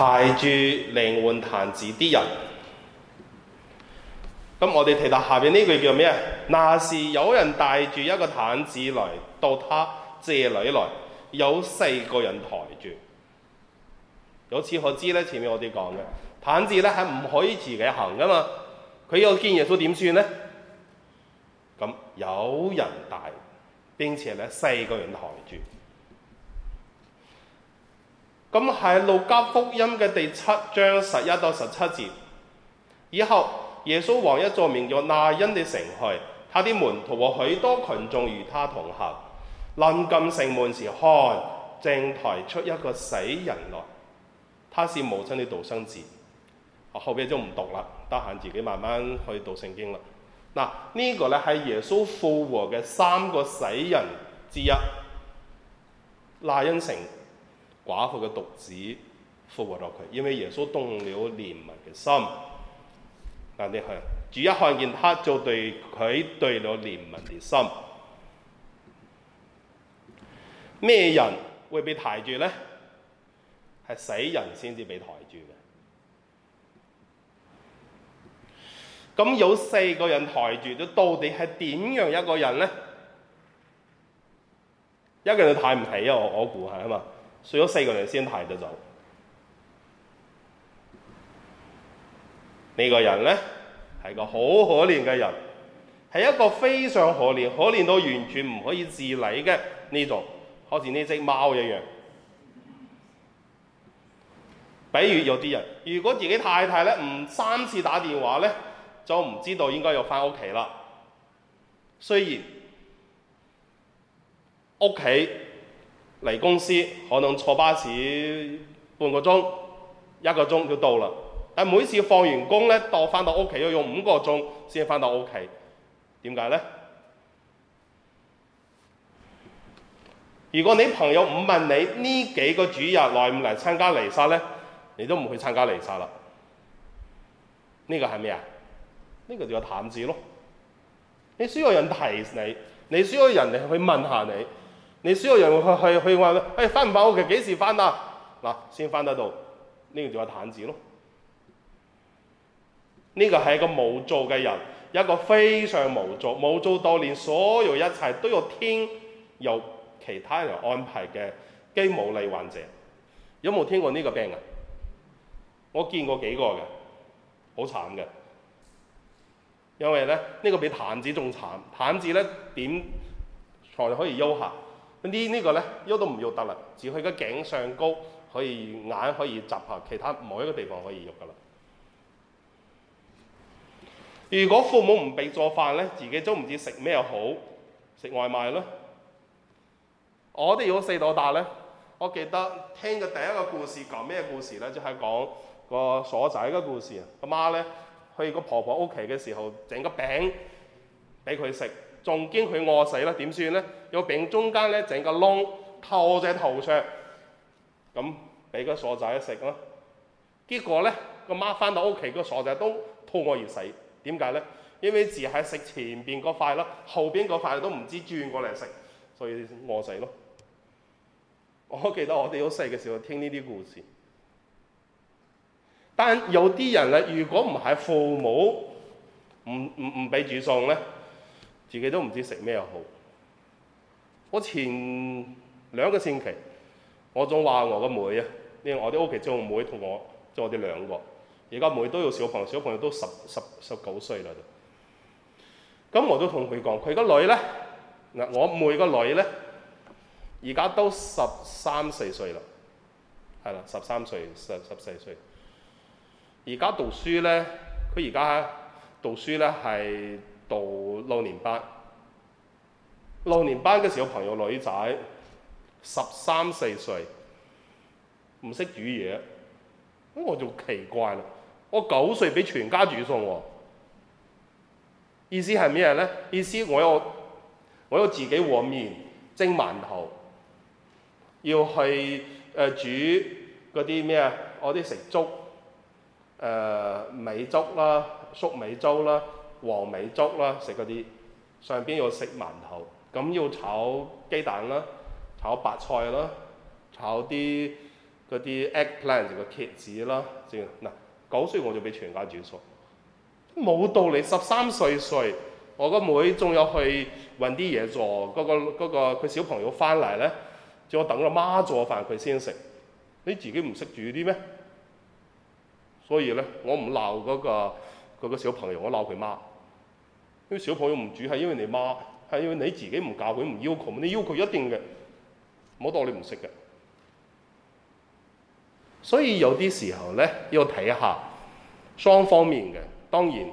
抬住靈換癱子啲人，咁我哋提到下邊呢句叫咩？那時有人帶住一個癱子來到他這裏來，有四個人抬住。由此可知咧，前面我哋講嘅癱子咧係唔可以自己行噶嘛。佢要見耶穌點算呢？咁有人帶，並且咧四個人抬住。咁係路加福音嘅第七章十一到十七節，以後耶穌往一座名叫那恩嘅城去，他啲門徒和許多群眾與他同行。臨近城門時，看正抬出一個死人來，他是母親嘅獨生子。後面就唔讀啦，得閒自己慢慢去讀聖經啦。嗱，呢個咧係耶穌復活嘅三個死人之一，那恩城。寡婦嘅獨子復活咗佢，因為耶穌動了憐憫嘅心。但你去，主一看見他，就對佢對咗憐憫嘅心。咩人會被抬住咧？係死人先至被抬住嘅。咁有四個人抬住，咁到底係點樣一個人咧？一個人抬唔起，因為我我估係啊嘛。睡咗四個人先抬着走。呢個人呢，係個好可憐嘅人，係一個非常可憐，可憐到完全唔可以自理嘅呢種，好似呢隻貓一樣。比如有啲人，如果自己太太咧唔三次打電話呢，就唔知道應該要返屋企啦。雖然屋企。家嚟公司可能坐巴士半個鐘、一個鐘就到啦，但每次放完工呢，到返到屋企要用五個鐘先返到屋企。點解呢？如果你朋友唔問你呢幾個主日來唔嚟參加彌撒呢，你都唔去參加彌撒啦。呢個係咩啊？呢個叫談志。你需要人提你，你需要人嚟去問下你。你需要人去去去話，哎，翻唔翻屋企？幾時翻啊？嗱，先翻得到呢個就係癱子咯。呢個係一個無助嘅人，一個非常無助、無助到連所有一切都要聽由其他人安排嘅肌無力患者。有冇聽過呢個病啊？我見過幾個嘅，好慘嘅。因為咧，呢、這個比癱子仲慘。癱子咧點才可以休閒？這個、呢呢、呢個咧，喐都唔喐得啦，只可以頸上高，可以眼可以眨下，其他冇一個地方可以喐㗎啦。如果父母唔俾做飯咧，自己都唔知食咩好，食外賣咯。我哋有四大達咧，我記得聽嘅第一個故事講咩故事咧？就係、是、講個傻仔嘅故事。阿媽咧去個婆婆屋企嘅時候，整個餅俾佢食。給她吃仲驚佢餓死啦？點算咧？有餅中間咧，整個窿透只頭上，咁俾個傻仔食啦。結果咧，個媽翻到屋企，個傻仔都餓我而死。點解咧？因為只係食前邊嗰塊咯，後邊嗰塊都唔知轉過嚟食，所以餓死咯。我好記得我哋好細嘅時候聽呢啲故事，但有啲人咧，如果唔係父母唔唔唔俾煮餸咧？自己都唔知食咩好。我前兩個星期，我仲話我個妹啊，因為我啲屋企就妹同我，即我哋兩個。而家妹，妹都有小朋友，小朋友都十十十九歲啦。咁我都同佢講，佢個女咧，嗱我妹個女咧，而家都十三四歲啦，係啦，十三歲十十四歲。而家讀書咧，佢而家讀書咧係。到六年班，六年班嘅小朋友女仔十三四歲唔識煮嘢，咁我就奇怪啦。我九歲俾全家煮餸喎，意思係咩咧？意思我有我有自己和麵蒸饅頭，要去誒、呃、煮嗰啲咩啊？我啲食粥，誒、呃、米粥啦、粟米粥啦。黃米粥啦，食嗰啲上邊要食饅頭，咁要炒雞蛋啦，炒白菜啦，炒啲嗰啲 eggplant 個茄子啦，先嗱九歲我就俾全家煮餸，冇道理。十三歲歲，我個妹仲有去揾啲嘢做，嗰、嗰個佢、嗰個、小朋友翻嚟咧，就等我等阿媽做飯佢先食，你自己唔識煮啲咩？所以咧，我唔鬧嗰個佢、嗰個小朋友，我鬧佢媽。啲小朋友唔煮係因為你媽，係因為你自己唔教佢唔要求，你要求一定嘅，唔好當你唔食嘅。所以有啲時候咧要睇下雙方面嘅，當然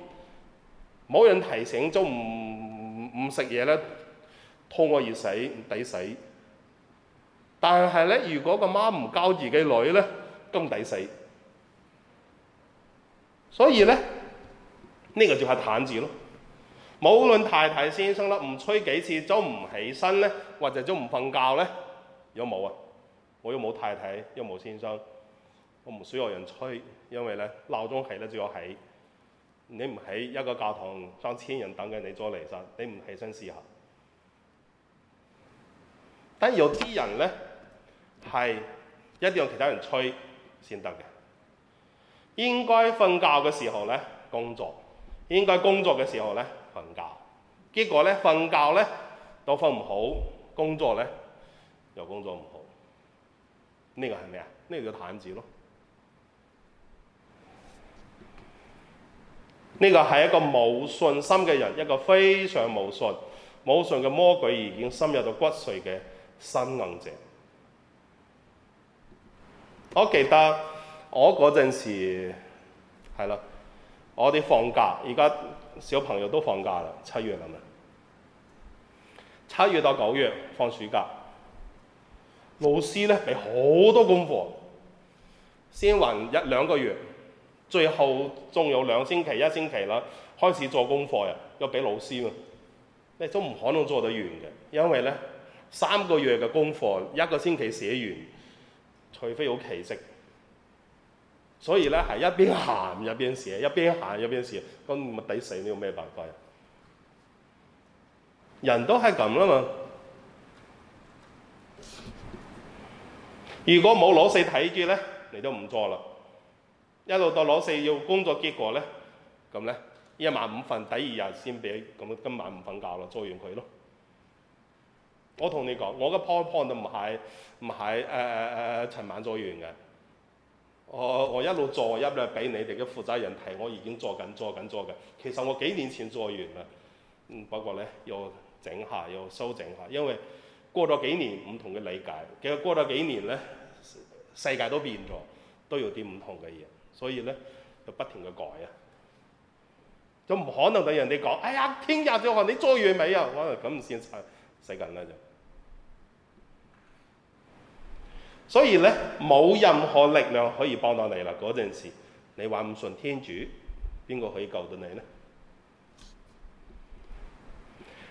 冇人提醒就唔唔食嘢咧，肚餓而死唔抵死。但係咧，如果個媽唔教自己女咧，咁抵死。所以咧，呢、呢個就係坦字咯。無論太太先生啦，唔吹幾次都唔起身咧，或者都唔瞓覺咧，有冇啊？我又冇太太，又冇先生，我唔需要人吹，因為咧鬧鐘起得就我起。你唔起一個教堂三千人等緊你再嚟身。你唔起身試下。但有啲人咧係一定要其他人吹先得嘅。應該瞓覺嘅時候咧工作，應該工作嘅時候咧。瞓覺，結果咧瞓覺咧都瞓唔好，工作咧又工作唔好，呢個係咩啊？呢個叫「毯子」咯，呢個係一個冇信心嘅人，一個非常冇信、冇信嘅魔鬼已經深入到骨髓嘅心靈者。我記得我嗰陣時係啦。我哋放假，而家小朋友都放假啦，七月啦嘛。七月到九月放暑假，老師咧俾好多功課，先還一兩個月，最後仲有兩星期、一星期啦，開始做功課呀，要俾老師呀。你都唔可能做得完嘅，因為咧三個月嘅功課，一個星期寫完，除非有奇跡。所以咧係一邊行一邊寫，一邊行一邊寫，咁咪抵死！你有咩辦法啊？人都係咁啊嘛。如果冇老四睇住咧，你都唔做啦。一路到老四要工作，結果咧，咁咧一晚五瞓，第二日先俾咁，今晚唔瞓覺咯，做完佢咯。我同你講，我嘅 point point 都唔係唔係誒誒誒，尋、呃呃呃、晚做完嘅。我、哦、我一路做，一路俾你哋嘅負責人睇。我已經做緊做緊做緊。其實我幾年前做完啦，嗯，不過咧要整下要修整下，因為過咗幾年唔同嘅理解，其實過咗幾年咧，世界都變咗，都有啲唔同嘅嘢，所以咧就不停嘅改啊，就唔可能等人哋講，哎呀，聽日就話你做完未啊？可能咁唔現實，世界咧就。所以咧，冇任何力量可以幫到你啦！嗰陣時，你話唔信天主，邊個可以救到你呢？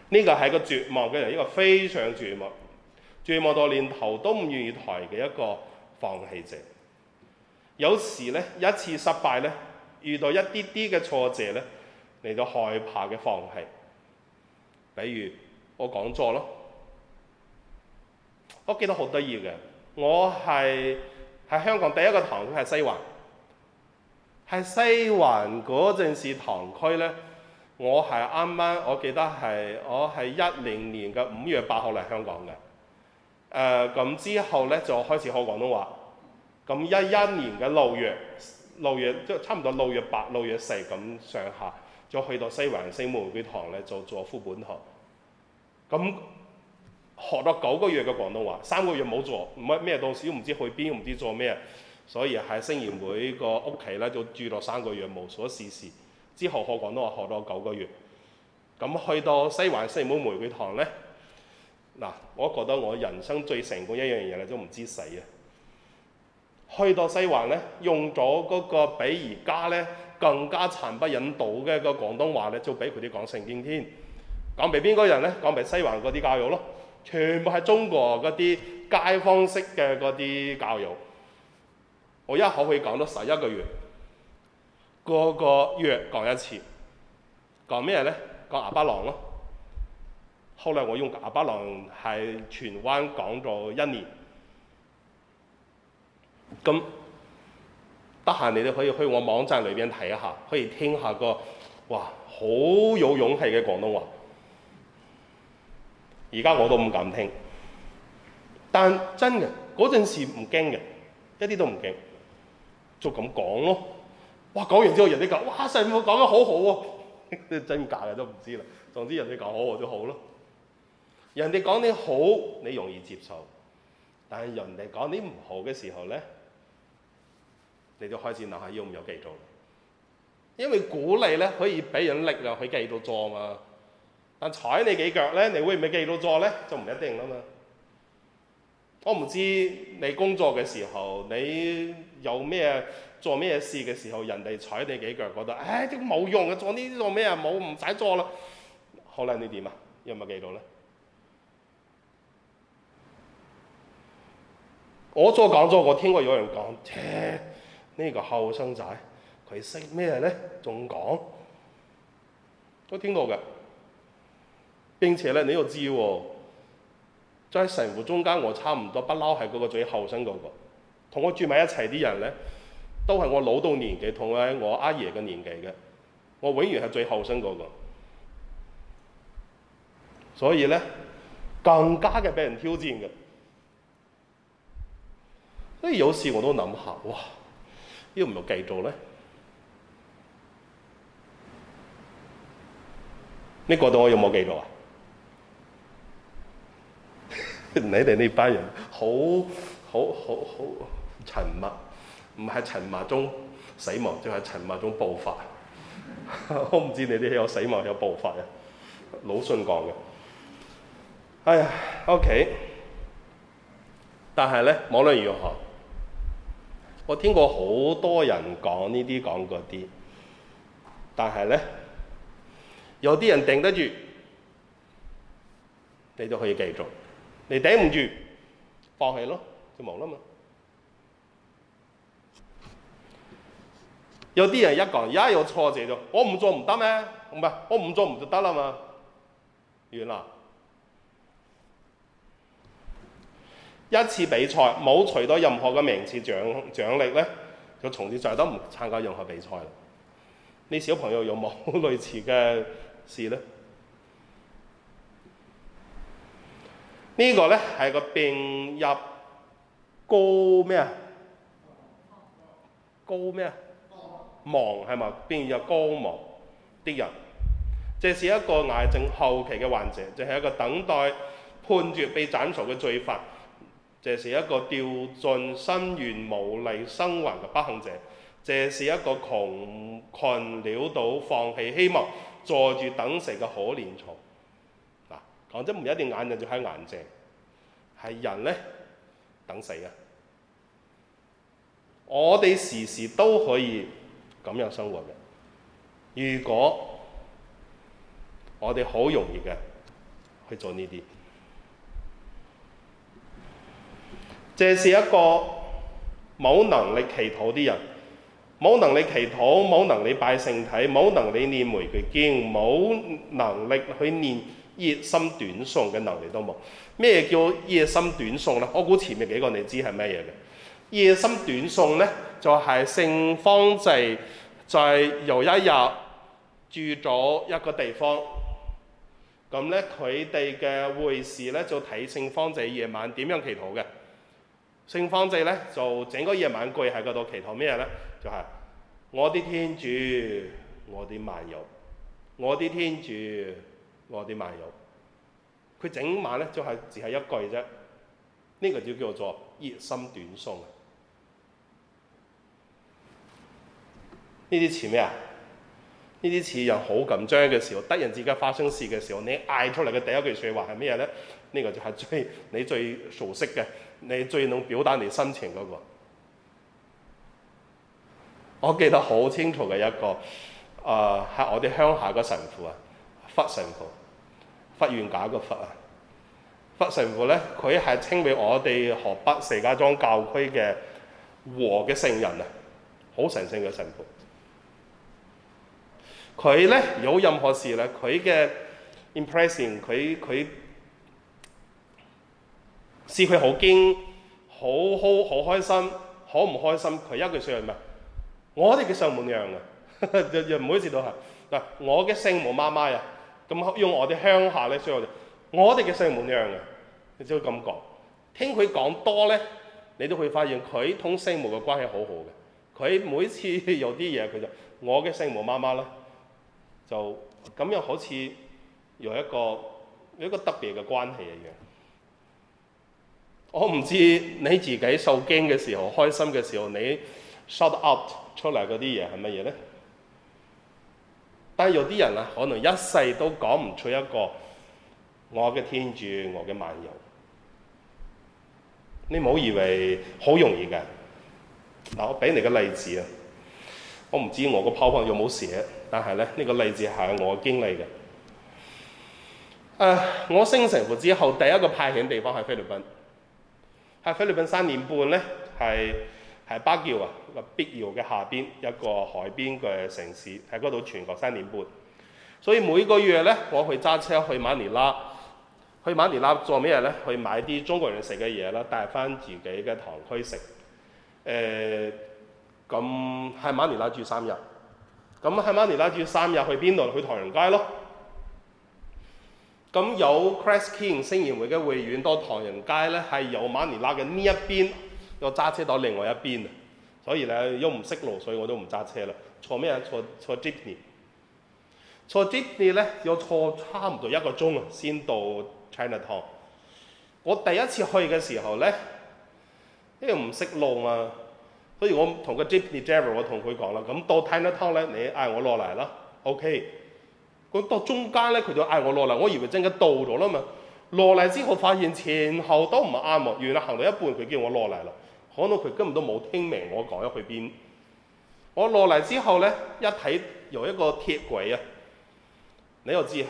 呢、呢個係個絕望嘅人，一個非常絕望、絕望到連頭都唔願意抬嘅一個放棄者。有時咧，一次失敗咧，遇到一啲啲嘅挫折咧，你都害怕嘅放棄。比如我講座咯，我覺得好得意嘅。我係喺香港第一個堂區係西環，喺西環嗰陣時堂區咧，我係啱啱我記得係我係一零年嘅五月八號嚟香港嘅、呃，誒咁之後咧就開始學廣東話，咁一一年嘅六月六月即係差唔多六月八六月四咁上下就去到西環聖母玫瑰堂咧做副本堂，咁。學到九個月嘅廣東話，三個月冇做，唔係咩到時都唔知去邊，唔知做咩，所以喺星賢會個屋企咧，就住咗三個月無所事事。之後學廣東話學咗九個月，咁去到西環聖母玫瑰堂咧，嗱，我覺得我人生最成功的一樣嘢咧，都唔知死啊！去到西環咧，用咗嗰個比而家咧更加殘不忍睹嘅個廣東話咧，就俾佢哋講聖經添，講俾邊個人咧？講俾西環嗰啲教育咯。全部係中國嗰啲街坊式嘅嗰啲教育，我一口可以講到十一個月，個個月講一次，講咩呢？講阿巴郎咯。後來我用阿巴郎喺荃灣講咗一年那麼，咁得閒你哋可以去我網站裏面睇下，可以聽一下個哇好有勇氣嘅廣東話。而家我都唔敢聽，但真嘅嗰陣時唔驚嘅，一啲都唔驚，就咁講咯。哇，講完之後人哋講哇，神父講得好好喎，真假嘅都唔知啦。總之人哋講好我都好咯。人哋講啲好你容易接受，但係人哋講啲唔好嘅時候咧，你就開始諗下要唔要繼續，因為鼓勵咧可以俾人力量去繼續做嘛。但踩你幾腳咧，你會唔會記到咗咧？就唔一定啦嘛。我唔知你工作嘅時候，你有咩做咩事嘅時候，人哋踩你幾腳，覺得唉、哎，都冇用嘅，做呢啲做咩啊？冇唔使做啦。好啦，你點啊？有冇記到咧？我再講咗，我聽過有人講，呃這個、人他呢個後生仔佢識咩咧？仲講都聽到嘅。並且呢，你要知喎、哦，就喺神父中間，我差唔多不嬲係嗰個最後生嗰個。同我住埋一齊啲人呢，都係我老豆嘅年紀同我阿爺嘅年紀嘅，我永遠係最後生嗰個。所以呢，更加嘅俾人挑戰嘅。所以有時我都諗下，哇，呢唔咪計咗呢？你覺得我有冇計到啊？ 你哋呢班人好好好好沉默，唔係沉默中死亡，仲係沉默中暴發。 我唔知你哋有死亡有暴發呀。魯迅講嘅。哎呀，OK 但。但係咧，無論如何，我聽過好多人講呢啲講嗰啲，但係咧，有啲人頂得住，你都可以繼續。你頂唔住，放棄咯，就冇啦嘛。有啲人一講，而家有挫折咗，我唔做唔得咩？唔係，我唔做唔就得啦嘛。完啦。一次比賽冇取到任何嘅名次獎獎勵咧，就從此再都唔參加任何比賽啦。你小朋友有冇類似嘅事咧？這個、呢個咧係個病入膏咩啊？膏咩啊？肓係咪啊？病入膏肓啲人，這是一個癌症後期嘅患者，就係一個等待判決被斬除嘅罪犯，這是一個掉進深淵無力生還嘅不幸者，這是一個窮困潦倒放棄希望坐住等死嘅可憐蟲。或者唔一定眼就就喺眼睛，係人咧等死嘅。我哋時時都可以咁樣生活嘅。如果我哋好容易嘅去做呢啲，這是一個冇能力祈禱啲人，冇能力祈禱，冇能力拜聖體，冇能力念玫瑰經，冇能力去念。熱心短誦嘅能力都冇。咩叫熱心短誦咧？我估前面幾個你知係咩嘢嘅。熱心短誦咧就係、是、聖方濟在有一日住咗一個地方，咁咧佢哋嘅會士咧就睇聖方濟夜晚點樣祈禱嘅。聖方濟咧就整個夜晚跪喺嗰度祈禱咩咧？就係、是、我啲天主，我啲萬有，我啲天主。我啲買有，佢整晚咧就係只係一句啫，呢、這個就叫做熱心短誦啊！呢啲似咩啊？呢啲似人好緊張嘅時候，突然之間發生事嘅時候，你嗌出嚟嘅第一句説話係咩咧？呢、這個就係最你最熟悉嘅，你最能表達你心情嗰、那個。我記得好清楚嘅一個，誒、呃、喺我哋鄉下個神父啊。佛神父，佛冤假嘅佛啊！佛神父咧，佢係稱為我哋河北石家莊教區嘅和嘅聖人啊，好神聖嘅神父。佢咧有任何事咧，佢嘅 impression，佢佢是佢好驚，好好好開心，好唔開心。佢一句說話咩？「我哋嘅聖母娘啊，日日每一次都係嗱，我嘅聖母媽媽啊。咁用我哋鄉下咧，所以我哋我哋嘅聖母一樣嘅，你只就咁講。聽佢講多咧，你都會發現佢同聖母嘅關係好好嘅。佢每次有啲嘢，佢就我嘅聖母媽媽咧，就咁樣好似有一個有一個特別嘅關係一樣。我唔知你自己受驚嘅時候、開心嘅時候，你 shout out 出嚟嗰啲嘢係乜嘢咧？但有啲人啊，可能一世都講唔出一個我嘅天主，我嘅萬有。你唔好以為好容易嘅。嗱，我俾你個例子，不有有、這個、例子啊。我唔知我個泡泡有冇寫，但係咧呢個例子係我經歷嘅。誒，我升神父之後，第一個派遣的地方係菲律賓。喺菲律賓三年半咧，係。係巴叫啊，個碧瑤嘅下邊一個海邊嘅城市，喺嗰度全國三點半。所以每個月咧，我去揸車去馬尼拉，去馬尼拉做咩咧？去買啲中國人食嘅嘢啦，帶翻自己嘅堂區食。誒、呃，咁喺馬尼拉住三日，咁喺馬尼拉住三日去邊度？去唐人街咯。咁有 Christ King 聖言會嘅會員到唐人街咧，係由馬尼拉嘅呢一邊。又揸車到另外一邊啊，所以咧又唔識路，所以我都唔揸車啦。坐咩啊？坐坐吉普尼。坐 j 吉普尼咧要坐差唔多一個鐘啊，先到 China Town。我第一次去嘅時候咧，因為唔識路嘛，所以我同個吉普尼 driver 我同佢講啦，咁到 China Town 咧，你嗌我落嚟啦，OK。咁到中間咧，佢就嗌我落嚟，我以為真係到咗啦嘛。落嚟之後發現前後都唔啱喎，原來行到一半佢叫我落嚟啦。講到佢根本都冇聽明我講咗去邊。我落嚟之後咧，一睇有一個鐵軌啊，你又知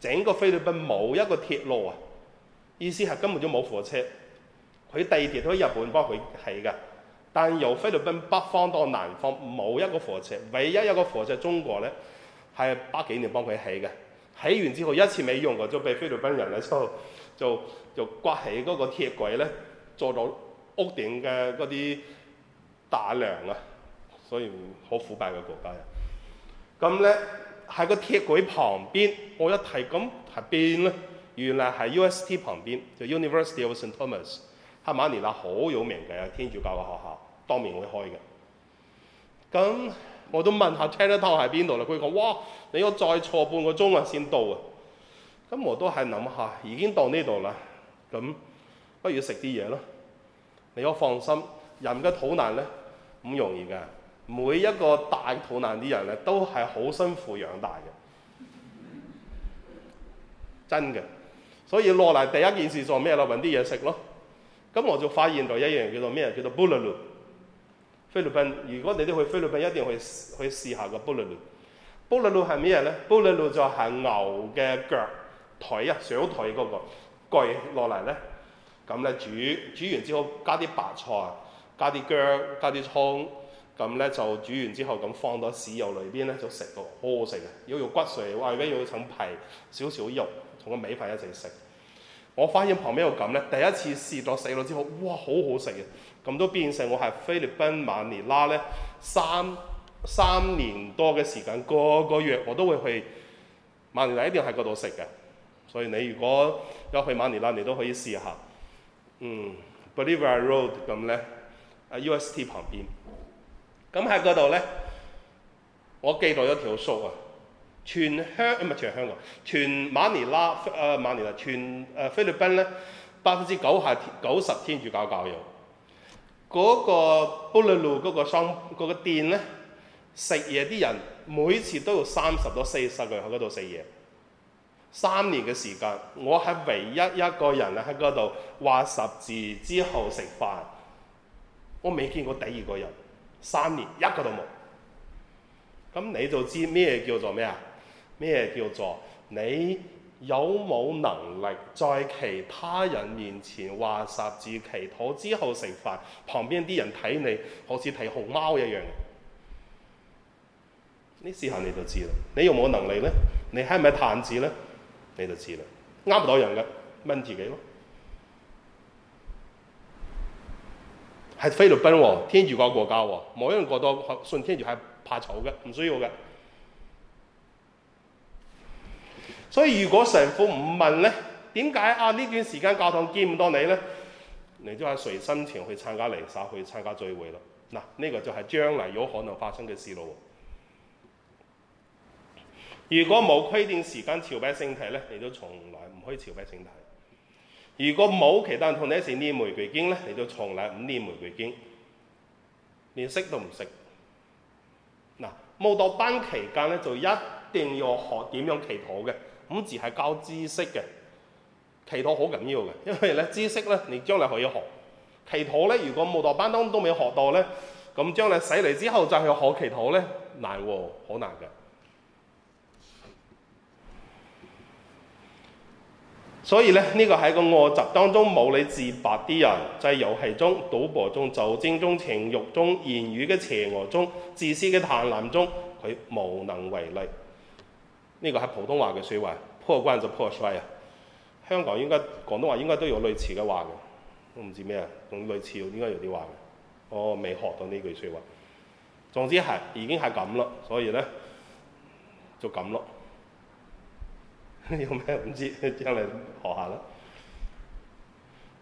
整個菲律賓冇一個鐵路啊，意思係根本都冇火車。佢地鐵都喺日本幫佢起噶，但由菲律賓北方到南方冇一個火車，唯一一個火車中國咧係百幾年幫佢起嘅。起完之後一次未用過，就俾菲律賓人咧就就就刮起嗰個鐵軌咧做到。屋頂嘅嗰啲大梁啊，所以好腐敗嘅國家啊。咁咧喺個鐵軌旁邊，我一提咁係邊咧？原來係 UST 旁邊，就 University of Saint Thomas，喺馬尼拉好有名嘅天主教嘅學校，當年會開嘅。咁我都問下 Chinatown 喺邊度啦，佢講：哇，你要再坐半個鐘啊，先到啊！咁我都係諗下，已經到呢度啦，咁不如食啲嘢咯。你可放心，人嘅肚腩咧唔容易㗎。每一個大肚腩啲人咧，都係好辛苦養大嘅，真嘅。所以落嚟第一件事做咩啦？揾啲嘢食咯。咁我就發現到一樣叫做咩？叫做 Bulalo。菲律賓，如果你哋去菲律賓，一定要去去試下個 Bulalo。Bulalo 係咩咧？Bulalo 就係牛嘅腳腿啊，小腿嗰個攰落嚟咧。咁咧煮，煮完之後加啲白菜，加啲薑，加啲蔥，咁咧就煮完之後咁放到豉油裏邊咧就食到好好食嘅。如果有肉骨髓，外邊要有層皮，少少肉，同個米飯一齊食。我發現旁邊有咁咧，第一次試咗死咗之後，哇，好好食嘅。咁都變成我係菲律賓馬尼拉咧三三年多嘅時間，個個月我都會去馬尼拉，一定喺嗰度食嘅。所以你如果有去馬尼拉，你都可以試下。嗯 Bolivar Road 咁咧，啊 UST 旁邊，咁喺嗰度咧，我記到有一條數啊，全香唔係全香港，全馬尼拉誒、呃、馬尼拉，全誒、呃、菲律賓咧，百分之九係九十天主教教育，嗰、那個布列路嗰個商嗰、那個店咧，食嘢啲人每次都要三十到四十個人喺嗰度食嘢。三年嘅時間，我係唯一一個人啊喺嗰度畫十字之後食飯，我未見過第二個人。三年一個都冇，咁你就知咩叫做咩啊？咩叫做你有冇能力在其他人面前畫十字祈禱之後食飯？旁邊啲人睇你好似睇熊貓一樣，呢時候你就知啦。你有冇能力咧？你係咪嘆字咧？你就知啦，呃，唔到人嘅，問自己咯。係菲律賓喎、哦，天主教國家喎、哦，冇人過多信天主係怕醜嘅，唔需要嘅。所以如果神父唔問咧，點解啊？呢段時間教堂見唔到你咧？你就係隨身前去參加彌撒，去參加聚會咯。嗱，呢個就係將嚟有可能發生嘅事咯。如果冇規定時間朝拜聖體咧，你就從來唔可以朝拜聖體；如果冇其他人同你一時念玫瑰經咧，你就從來唔念玫瑰經，連識都唔識。嗱，舞蹈班期間咧就一定要學點樣祈禱嘅，唔止係教知識嘅。祈禱好緊要嘅，因為咧知識咧你將來可以學，祈禱咧如果舞蹈班當中都未學到咧，咁將來使嚟之後再去學祈禱咧難喎、哦，好難㗎。所以咧，呢、這個喺個惡習當中冇你自拔啲人，就係遊戲中、賭博中、酒精中、情慾中、言語嘅邪惡中、自私嘅貪婪中，佢無能為力。呢、這個係普通話嘅説話，破關就破摔啊！香港應該廣東話應該都有類似嘅話嘅，我唔知咩啊，類類似應該有啲話嘅。我未學到呢句説話。總之係已經係咁咯，所以咧就咁咯。 有咩唔知？將嚟學下啦。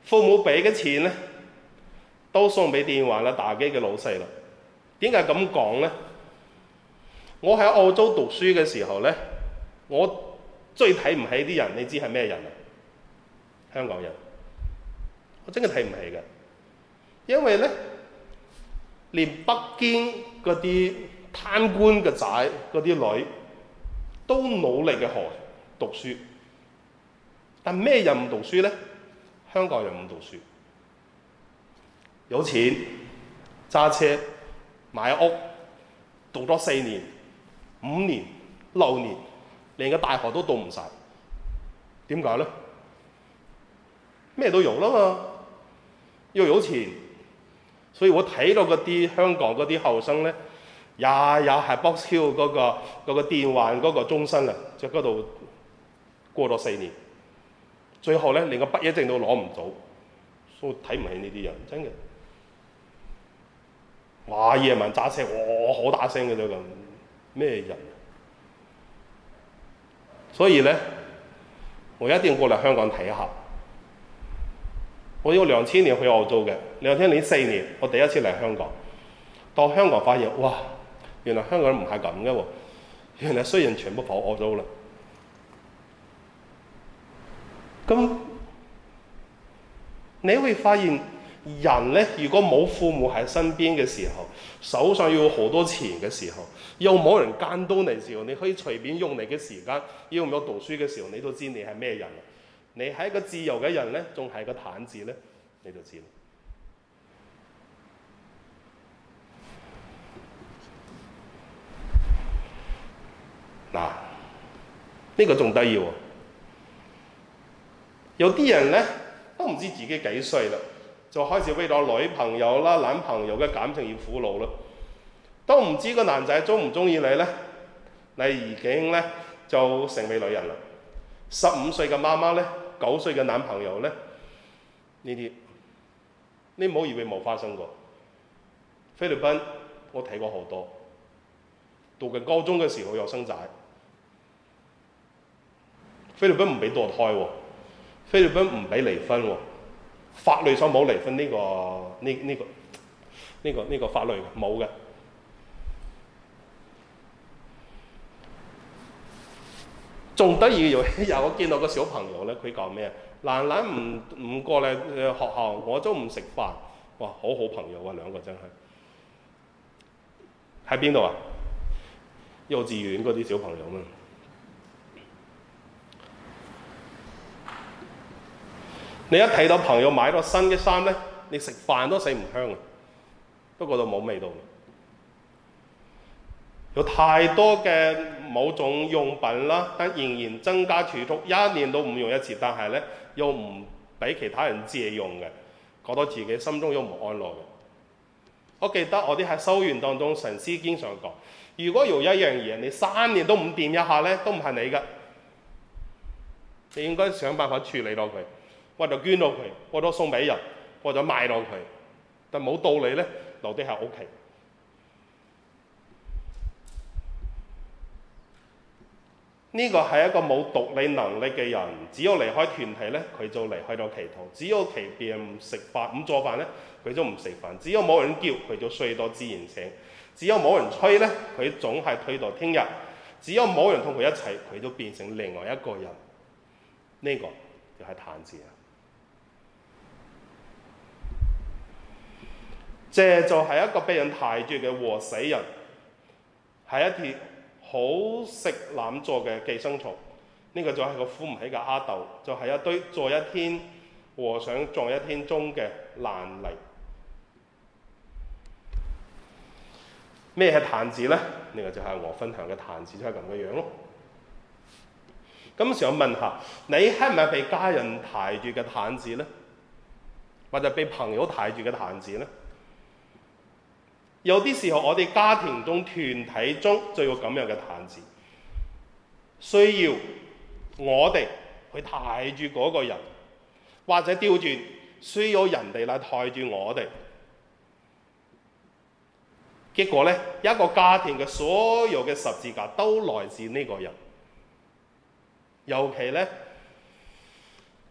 父母俾嘅錢咧，都送俾電話啦、打機嘅老細啦。點解咁講咧？我喺澳洲讀書嘅時候咧，我最睇唔起啲人，你知係咩人啊？香港人，我真係睇唔起㗎！因為咧，連北京嗰啲貪官嘅仔、嗰啲女，都努力嘅學。讀書，但咩人唔讀書咧？香港人唔讀書，有錢揸車買屋，讀咗四年、五年、六年，連個大學都讀唔晒。點解咧？咩都有啦嘛，又有錢，所以我睇到嗰啲香港嗰啲後生咧，也有係 Box Hill 嗰個嗰個電話嗰個中心啊，就嗰度。過咗四年，最後咧連個畢業證都攞唔到，都睇唔起呢啲人，真嘅。哇！夜晚揸車，我好大聲嘅啫咁，咩人？所以呢，我一定要過嚟香港睇下。我有兩千年去澳洲嘅，兩千年四年，我第一次嚟香港。到香港發現，哇！原來香港人唔係咁嘅喎，原來衰人全部跑澳洲啦。咁，你會發現人咧，如果冇父母喺身邊嘅時候，手上要好多錢嘅時候，又冇人監督你嘅時候，你可以隨便用你嘅時間；要唔要讀書嘅時候，你都知你係咩人。你係一個自由嘅人咧，仲係個癱字咧，你就知。嗱，呢個仲得意喎！有啲人咧都唔知自己幾歲啦，就開始為咗女朋友啦、男朋友嘅感情而苦惱啦。都唔知個男仔中唔中意你咧，你已經咧就成為女人啦。十五歲嘅媽媽咧，九歲嘅男朋友咧，呢啲你唔好以為冇發生過。菲律賓我睇過好多，讀緊高中嘅時候有生仔。菲律賓唔俾墮胎喎，哦。菲律賓唔俾離婚喎，法律上冇離婚呢、呢個呢呢、呢個呢、呢個呢、呢個法律嘅冇嘅。仲得意，又有一日我見到個小朋友咧，佢講咩？男男唔唔過嚟學校，我都唔食飯。哇，好好朋友啊，兩個真係。喺邊度啊？幼稚園嗰啲小朋友咩？你一睇到朋友買咗新嘅衫呢，你食飯都食唔香，都覺得冇味道了。有太多嘅某種用品啦，但仍然增加儲蓄，一年都唔用一次，但係呢，又唔俾其他人借用嘅，覺得自己心中有唔安樂嘅。我記得我啲喺修院當中，神師經常講：如果有一樣嘢你三年都唔掂一下呢，都唔係你嘅，你應該想辦法處理咗佢。我就捐到佢，我都送俾人，我就賣到佢。但冇道理咧，留低喺屋企。呢個係一個冇獨立能力嘅人，只要離開團體咧，佢就離開咗祈禱。只要祈禱唔食飯，唔做飯咧，佢就唔食飯。只要冇人叫，佢就睡到自然醒。只要有冇人催咧，佢總係推到聽日。只要有冇人同佢一齊，佢就變成另外一個人。呢、這個就係癱子啊！借就係一個被人抬住嘅和死人，係一條好食懶做嘅寄生蟲。呢、這個就係個扶唔起嘅阿斗，就係、是、一堆做一天和尚撞一天鐘嘅爛泥。咩係壇子咧？呢、這個就係我分享嘅壇子就係咁嘅樣咯。咁想問下，你係唔係被家人抬住嘅壇子咧？或者被朋友抬住嘅壇子咧？有啲時候，我哋家庭中、團體中就有咁樣嘅癱子，需要我哋去抬住嗰個人，或者調轉，需要人哋嚟抬住我哋。結果呢，一個家庭嘅所有嘅十字架都來自呢個人。尤其呢，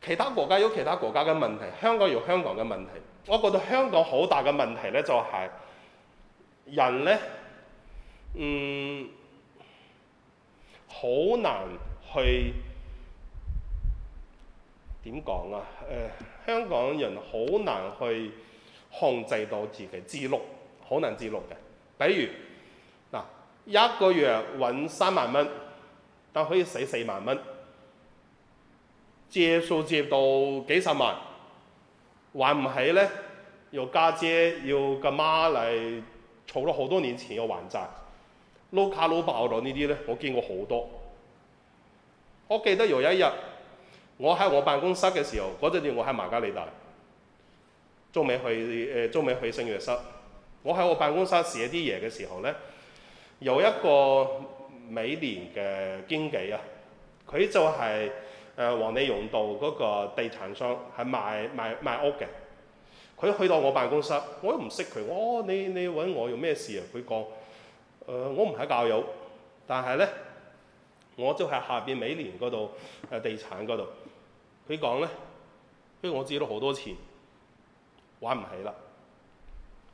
其他國家有其他國家嘅問題，香港有香港嘅問題。我覺得香港好大嘅問題呢、就是，就係。人咧，嗯，好難去點講啊？誒、呃，香港人好難去控制到自己自律，好難自律嘅。比如嗱，一個月揾三萬蚊，但可以使四萬蚊，借數借到幾十萬，還唔起咧，又家姐，姐要個媽嚟。儲咗好多年前嘅還債，撈卡撈爆咗呢啲咧，我見過好多。我記得有一日，我喺我辦公室嘅時候，嗰陣時我喺瑪加利大，仲未去誒，仲未去聖約瑟。我喺我辦公室寫啲嘢嘅時候咧，有一個美聯嘅經紀啊，佢就係誒，黃泥涌道嗰個地產商係賣賣賣屋嘅。佢去到我辦公室，我都唔識佢。哦，你你揾我有咩事啊？佢講，誒、呃，我唔喺教友，但係咧，我就喺下邊美聯嗰度誒地產嗰度。佢講咧，因為我借咗好多錢，玩唔起啦。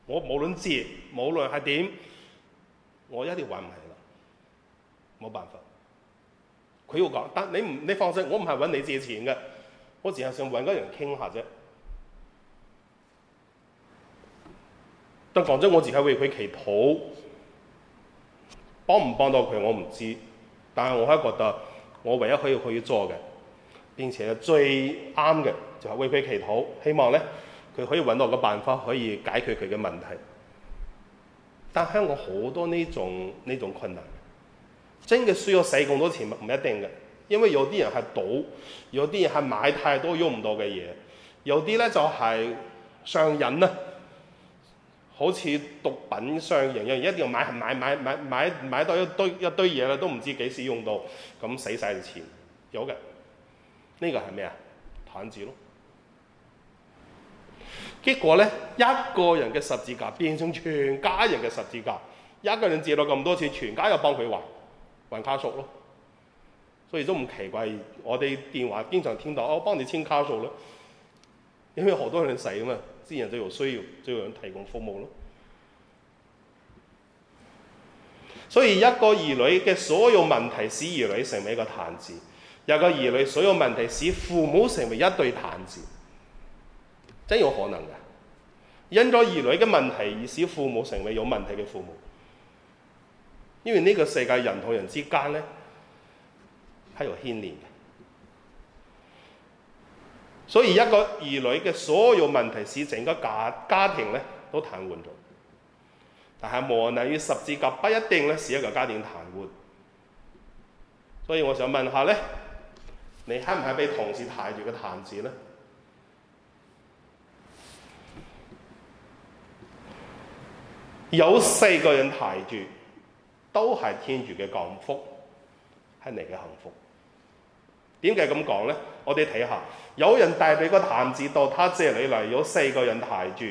我無論借，無論係點，我一定玩唔起啦。冇辦法。佢要講，但你唔你放心，我唔係揾你借錢嘅，我只係想揾個人傾下啫。但講真，我自己為佢祈禱，幫唔幫到佢我唔知，但係我係覺得我唯一可以去做嘅，並且最啱嘅就係為佢祈禱，希望咧佢可以搵到個辦法可以解決佢嘅問題。但香港好多呢種呢種困難，真嘅需要使咁多錢，唔一定嘅，因為有啲人係賭，有啲人係買太多用唔到嘅嘢，有啲咧就係上癮啦。好似毒品商人一樣，一定要買買買買買買到一堆一堆嘢啦，都唔知幾時用到，咁死晒啲錢，有嘅。呢個係咩啊？癱子咯。結果咧，一個人嘅十字架變成全家人嘅十字架，一個人借咗咁多錢，全家又幫佢還還卡數咯。所以都唔奇怪，我哋電話經常聽到哦，我幫你簽卡數啦，因為好多人使啊嘛。啲人就需要，就想提供服務咯。所以一個兒女嘅所有問題，使兒女成為一個癱子，一個兒女所有問題，使父母成為一對癱子，真有可能嘅。因咗兒女嘅問題，而使父母成為有問題嘅父母，因為呢個世界人同人之間咧係有牽連嘅。所以一個兒女嘅所有問題，使整個家庭呢都癱瘓咗。但係無奈於十字架不一定呢，是一個家庭癱瘓。所以我想問下呢，你係唔係被同事抬住嘅癱子呢？有四個人抬住，都係天主嘅降福，係你嘅幸福。點解咁講呢？我哋睇下，有人帶俾個癱子到他這裏嚟，有四個人抬住，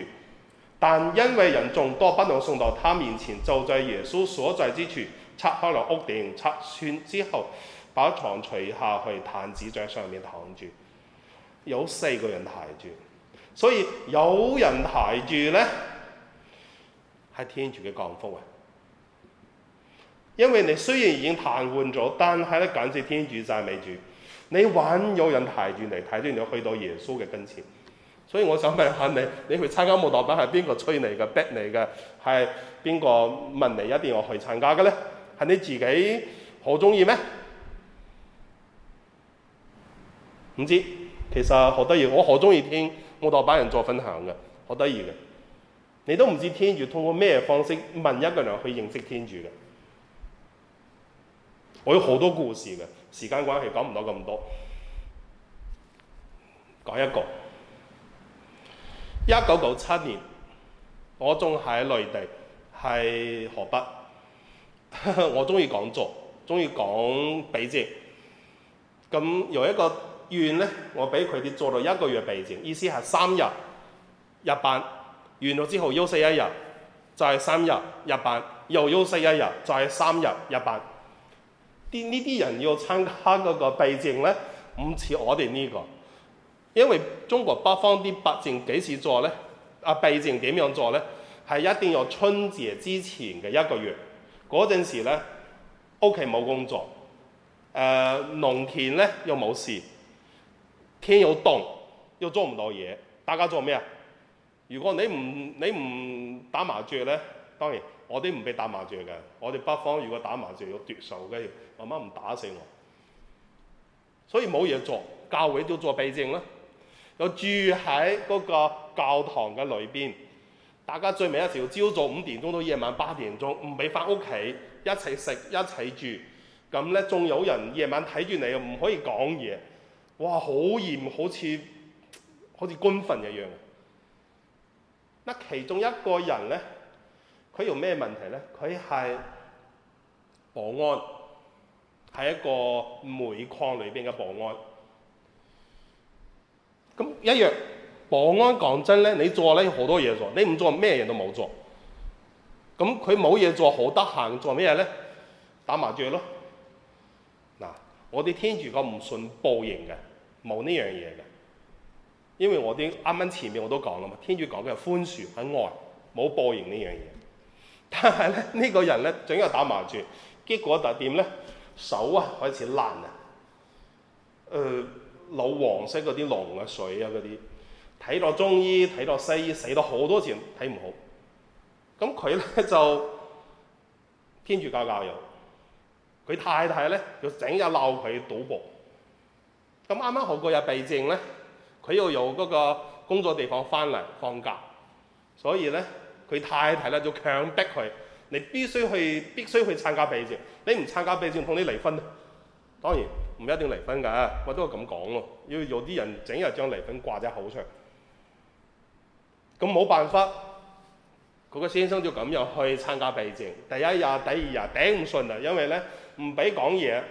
但因為人眾多，不能送到他面前，就在耶穌所在之處拆開個屋頂，拆穿之後，把床除下去，癱子在上面躺住，有四個人抬住，所以有人抬住呢，係天主嘅降福啊！因為你雖然已經癱瘓咗，但係呢，感直天主讚未住。你揾有人抬住你，抬住你去到耶穌嘅跟前。所以我想問下你，你去參加慕道班係邊個催你嘅、逼你嘅？係邊個問你一定要去參加嘅呢？係你自己好中意咩？唔知，其實好得意。我好中意聽慕道班人做分享嘅，好得意嘅。你都唔知天主通過咩方式問一個人去認識天主嘅。我有好多故事嘅。時間關係講唔到咁多，講一個。一九九七年，我仲喺內地，喺河北。 我鍾意講座，鍾意講避靜。咁由一個院咧，我俾佢哋做咗一個月避靜，意思係三日一班，完咗之後休息一日，再係三日一班；又休息一日，再係三日一班。啲呢啲人要參加嗰個避靜咧，唔似我哋呢、這個，因為中國北方啲避靜幾時做咧？啊避靜點樣做咧？係一定要春節之前嘅一個月，嗰陣時咧屋企冇工作，誒、呃、農田咧又冇事，天又凍，又做唔到嘢，大家做咩啊？如果你唔你唔打麻雀咧，當然。我哋唔俾打麻雀嘅，我哋北方如果打麻雀要奪手嘅，媽媽唔打死我。所以冇嘢做，教會都做避靜啦。又住喺嗰個教堂嘅裏邊，大家最尾一條朝早五點鐘到夜晚八點鐘唔俾翻屋企，一齊食一齊住。咁咧仲有人夜晚睇住你，唔可以講嘢。哇，好嚴，好似好似軍訓一樣。嗱，其中一個人咧。佢有咩問題咧？佢係保安，係一個煤礦裏邊嘅保安。咁一樣保安講真咧，你做咧好多嘢做，你唔做咩嘢都冇做。咁佢冇嘢做，好得閒，做咩咧？打麻雀咯。嗱，我哋天主教唔信報應嘅，冇呢樣嘢嘅。因為我哋啱啱前面我都講啦嘛，天主講嘅係寬恕、係愛，冇報應呢樣嘢。但係咧，呢、這個人咧，整日打麻將，結果就點咧？手啊開始爛啊、呃，老黃色嗰啲龍啊、水啊嗰啲，睇落中醫，睇落西醫，使咗好多錢，睇唔好。咁佢咧就天主教教友，佢太太咧就整日鬧佢賭博。咁啱啱好過日避症咧，佢又由嗰個工作地方翻嚟放假，所以咧。佢太太啦，就強逼佢，你必須去，必須去參加避靜。你唔參加避靜，同你離婚。當然唔一定離婚㗎，我都係咁講咯。要有啲人整日將離婚掛喺口上，咁冇辦法，佢個先生就咁樣去參加避靜。第一日、第二日頂唔順啦，因為咧唔俾講嘢，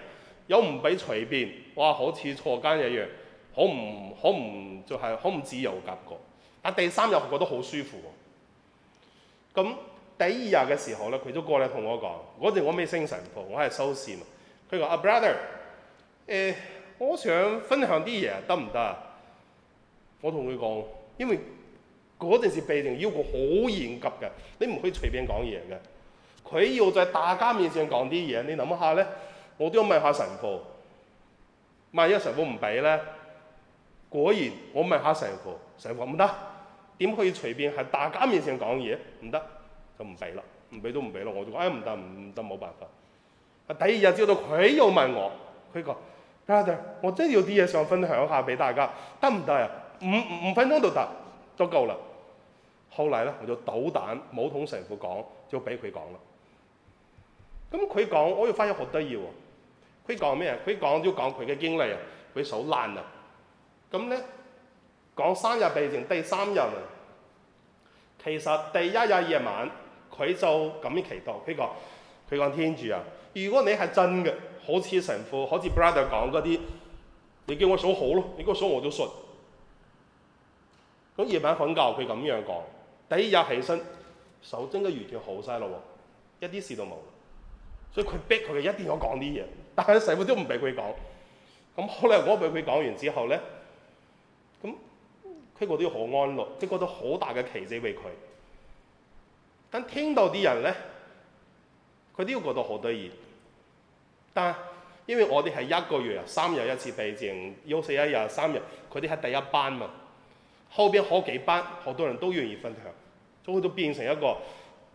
又唔俾隨便，哇，好似坐監一樣，好唔好唔就係、是、好唔自由嘅感覺。但第三日覺得好舒服喎。咁第二日嘅時候咧，佢都過嚟同我講，嗰陣我未升神父，我係修士啊。佢話：阿 brother，誒、欸，我想分享啲嘢，得唔得？我同佢講，因為嗰陣時被定要求好嚴格嘅，你唔可以隨便講嘢嘅。佢要在大家面前講啲嘢，你諗下咧，我都要問下神父。萬一神父唔俾咧，果然我問下神父，神父唔得。點可以隨便喺大家面前講嘢？唔得，就唔俾啦。唔俾都唔俾啦。我就講：哎，唔得唔得，冇辦法。啊，第二日叫到佢又問我，佢講：Peter，我真係有啲嘢想分享下俾大家，得唔得啊？五五分鐘都得，足夠啦。後嚟咧，我就膽大冇同神父講，就俾佢講啦。咁佢講，我要翻譯好得意喎。佢講咩啊？佢講就講佢嘅經歷啊，佢手爛啊。咁咧。講三日病情，第三日啊，其實第一日夜晚佢就咁樣祈禱，佢講佢講天主啊，如果你係真嘅，好似神父，好似 brother 講嗰啲，你叫我數好咯，你叫我數我都信。咁夜晚瞓覺佢咁樣講，第一日起身，手真嘅完全好曬咯，一啲事都冇。所以佢逼佢哋一定要講啲嘢，但係神父都唔俾佢講。咁好啦，我俾佢講完之後咧。佢覺得好安樂，即覺得好大嘅奇蹟俾佢。但聽到啲人咧，佢都要覺得好得意。但因為我哋係一個月啊，三日一次避靜，休息一日三日，佢哋係第一班嘛。後邊好幾班好多人都願意分享，所以都變成一個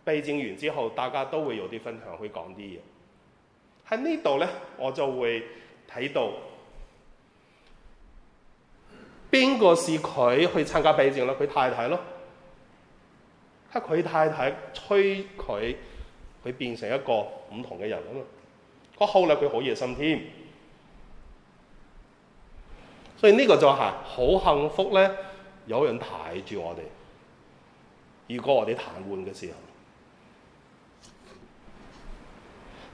避靜完之後，大家都會有啲分享，去講啲嘢。喺呢度咧，我就會睇到。邊個是佢去參加比賽咯？佢太太咯，係佢太太催佢，佢變成一個唔同嘅人啊嘛。個後嚟佢好熱心添，所以呢個就係、是、好幸福咧。有人抬住我哋，如果我哋癱瘓嘅時候，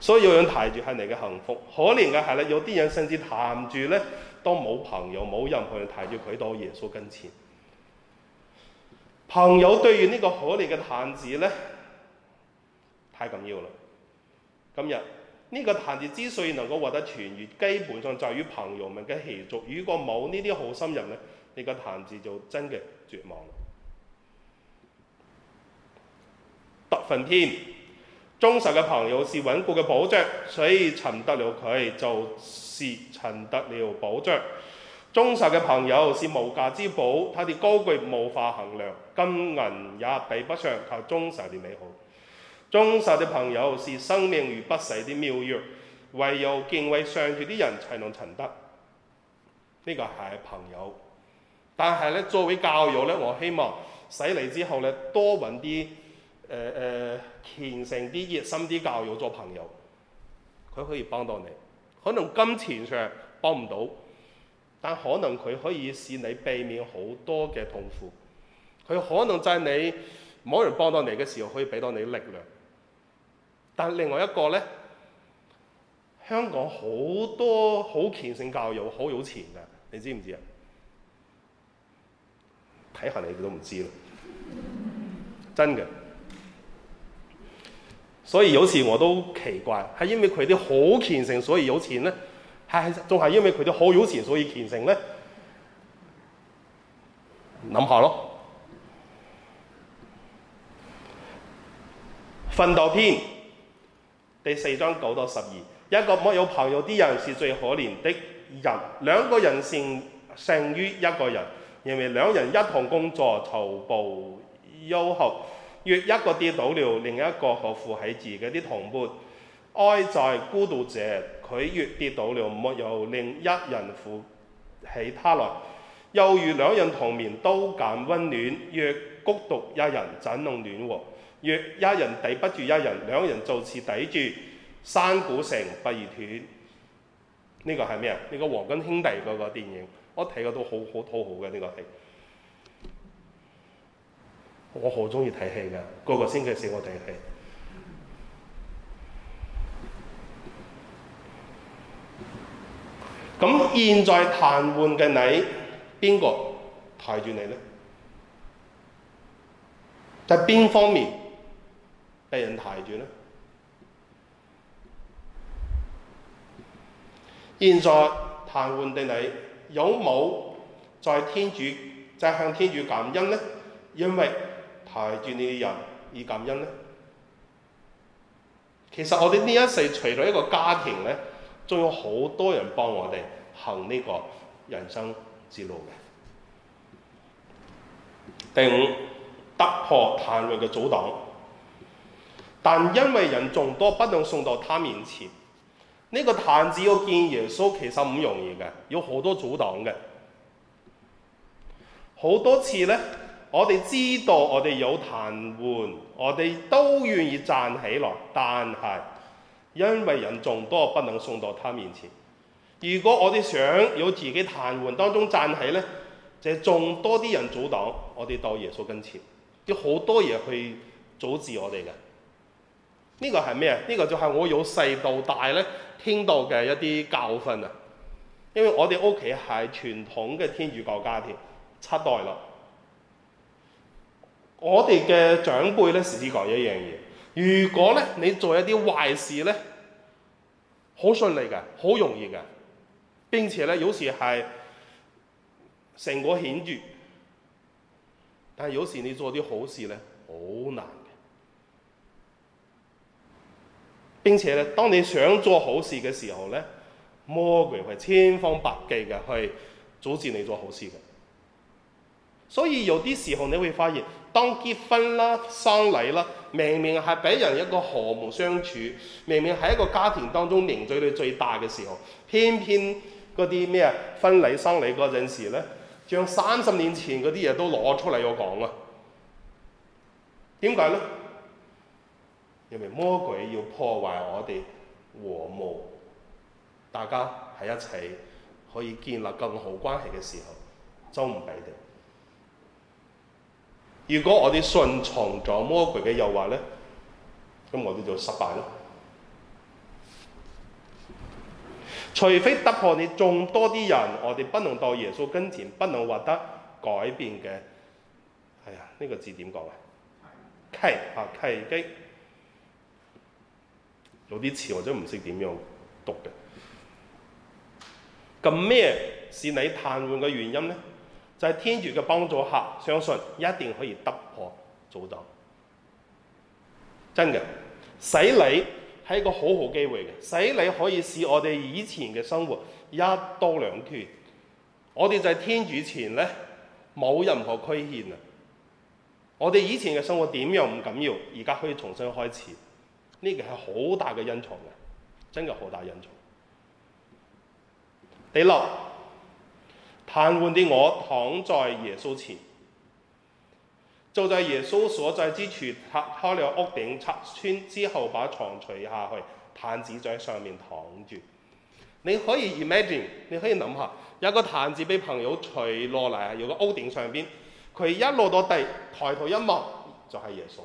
所以有人抬住係你嘅幸福。可憐嘅係咧，有啲人甚至癱住咧。都冇朋友冇任何人提住佢到耶穌跟前。朋友對於呢個可憐嘅癱子呢，太緊要啦！今日呢、呢個癱子之所以能夠獲得痊癒，基本上在於朋友們嘅協助。如果冇呢啲好心人呢，你、呢個癱子就真嘅絕望啦。特訓篇。忠實嘅朋友是穩固嘅保障，所以尋得了佢，就是尋得了保障。忠實嘅朋友是無價之寶，他的高貴無法衡量，金銀也比不上靠忠實的美好。忠實嘅朋友是生命如不死的妙藥，唯有敬畏上主啲人才能尋得。呢、這個係朋友，但係呢，作為教友呢，我希望洗禮之後呢，多揾啲。誒、呃、誒，虔誠啲、熱心啲，教友做朋友，佢可以幫到你。可能金錢上幫唔到，但可能佢可以使你避免好多嘅痛苦。佢可能就係你冇人幫到你嘅時候，可以俾到你力量。但另外一個咧，香港好多好虔誠教友，好有錢㗎，你知唔知啊？睇下你都唔知啦，真嘅。所以有時我都奇怪，係因為佢哋好虔誠所以有錢呢？係仲係因為佢哋好有錢所以虔誠呢？諗下咯。訓道篇第四章九到十二，一個冇有朋友的人是最可憐的人。兩個人勝勝於一個人，因為兩人一同工作，酬報優厚。越一個跌倒了，另一個可扶起自己啲同伴。愛在孤獨者，佢越跌倒了，沒有另一人扶起他來。又如兩人同眠都更溫暖，若孤獨一人怎能暖和？若一人抵不住一人，兩人做事抵住，山古成不易斷。呢個係咩啊？呢個黃金兄弟嗰個電影，我睇過都好好好好嘅呢個戲。我好鍾意睇戲㗎，個個星期四我睇戲。咁、嗯、現在癱瘓嘅你，邊個抬住你呢？就邊方面被人抬住呢？現在癱瘓嘅你有冇在天主，在、就係、向天主感恩呢？因為排住呢啲人以感恩呢。其實我哋呢一世除咗一個家庭呢，仲有好多人幫我哋行呢個人生之路嘅。第五，突破壇位嘅阻擋，但因為人眾多，不能送到他面前。呢、這個癱子要見耶穌，其實唔容易嘅，有好多阻擋嘅，好多次呢。我哋知道我哋有癱瘓，我哋都願意站起來，但係因為人眾多，不能送到他面前。如果我哋想有自己癱瘓當中站起呢，就仲多啲人阻擋我哋到耶穌跟前，要好多嘢去阻止我哋嘅。呢、這個係咩啊？呢、這個就係我由細到大呢聽到嘅一啲教訓啊！因為我哋屋企係傳統嘅天主教家庭，七代咯。我哋嘅長輩咧，時時講一樣嘢，如果咧你做一啲壞事咧，好順利㗎，好容易㗎，並且咧有時係成果顯著，但係有時你做啲好事咧，好難嘅。並且咧，當你想做好事嘅時候咧，魔鬼係千方百計嘅去阻止你做好事嘅。所以有啲時候，你會發現。當結婚啦、喪禮啦，明明係俾人一個和睦相處，明明係一個家庭當中凝聚力最大嘅時候，偏偏嗰啲咩婚禮、喪禮嗰陣時咧，將三十年前嗰啲嘢都攞出嚟我講啊，點解呢？因為魔鬼要破壞我哋和睦，大家喺一齊可以建立更好關係嘅時候，就唔俾哋。如果我哋順從咗魔鬼嘅誘惑咧，咁我哋就失敗咯。除非突破你眾多啲人，我哋不能到耶穌跟前，不能獲得改變嘅。係、哎、啊、呢、這個字點講啊？契啊，契機。有啲詞我都唔識點樣讀嘅。咁咩是你癱瘓嘅原因咧？在、就係、天主嘅幫助下，相信一定可以突破做到。真嘅，洗禮，係一個好好機會嘅，洗禮可以使我哋以前嘅生活一刀兩斷。我哋就係天主前呢，冇任何虧欠啊！我哋以前嘅生活點樣唔緊要，而家可以重新開始。呢個係好大嘅恩寵嘅，真嘅好大恩寵。第六。癱瘓啲我躺在耶穌前，坐在耶穌所在之處，拆開了屋頂，拆穿之後把床除下去，癱子在上面躺住。你可以 imagine，你可以諗下，有個癱子俾朋友除落嚟，有個屋頂上邊，佢一落到地抬頭一望就係、是、耶穌。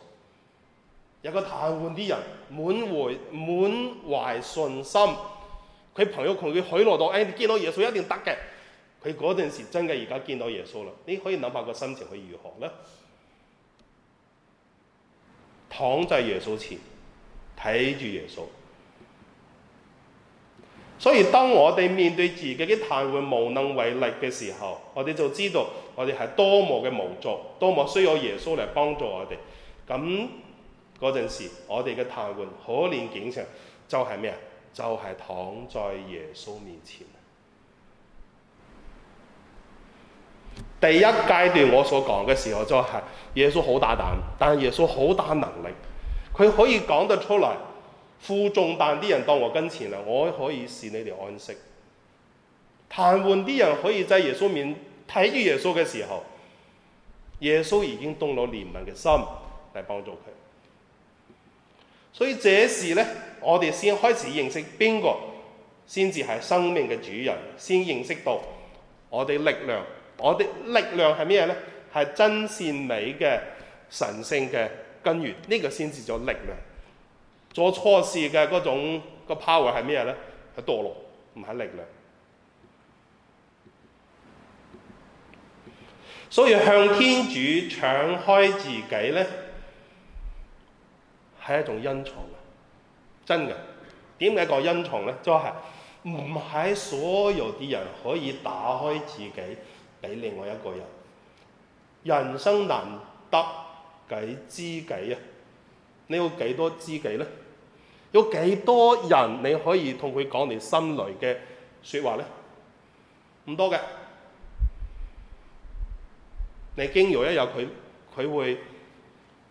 有個癱瘓啲人滿懷滿懷信心，佢朋友同佢許落到，誒、哎，你見到耶穌一定得嘅。佢嗰陣時真嘅，而家見到耶穌啦！你可以諗下個心情係如何咧？躺在耶穌前，睇住耶穌。所以當我哋面對自己嘅癱瘓無能為力嘅時候，我哋就知道我哋係多麼嘅無助，多麼需要耶穌嚟幫助我哋。咁嗰陣時，我哋嘅癱瘓，可憐景象就係咩啊？就係、是就是、躺在耶穌面前。第一階段我所講嘅時候就係耶穌好大膽，但係耶穌好大能力，佢可以講得出嚟，負重擔啲人到我跟前啦，我可以使你哋安息。癱瘓啲人可以在耶穌面睇住耶穌嘅時候，耶穌已經動咗憐憫嘅心嚟幫助佢。所以這時呢，我哋先開始認識邊個先至係生命嘅主人，先認識到我哋力量。我哋力量係咩咧？係真善美嘅、神聖嘅根源，呢、呢個先至叫力量。做錯事嘅嗰種個 power 係咩咧？係墮落，唔係力量。所以向天主敞開自己咧，係一種恩寵，真嘅。點解個恩寵咧？就係唔係所有啲人可以打開自己。俾另外一個人，人生難得幾知己啊！你有幾多知己咧？有幾多人你可以同佢講你心裏嘅説話咧？唔多嘅，你驚有一日，佢，佢會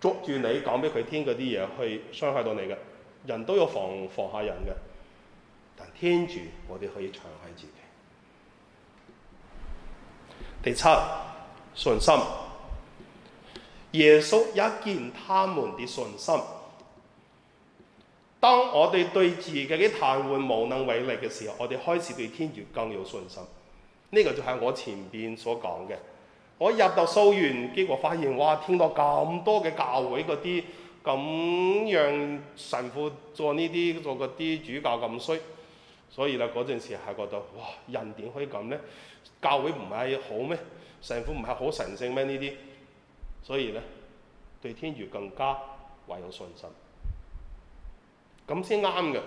捉住你講俾佢聽嗰啲嘢，去傷害到你嘅。人都要防防下人嘅，但天主，我哋可以長氣住。第七信心，耶穌一見他們的信心。當我哋對自己嘅啲癱瘓無能為力嘅時候，我哋開始對天主更有信心。呢個就係我前邊所講嘅。我入到素園，結果發現哇，聽到咁多嘅教會嗰啲咁樣，神父做呢啲做嗰啲，主教咁衰，所以咧嗰陣時係覺得哇，人點可以咁呢？」教會唔係好咩？神父唔係好神聖咩？呢啲，所以咧對天主更加懷有信心，咁先啱嘅。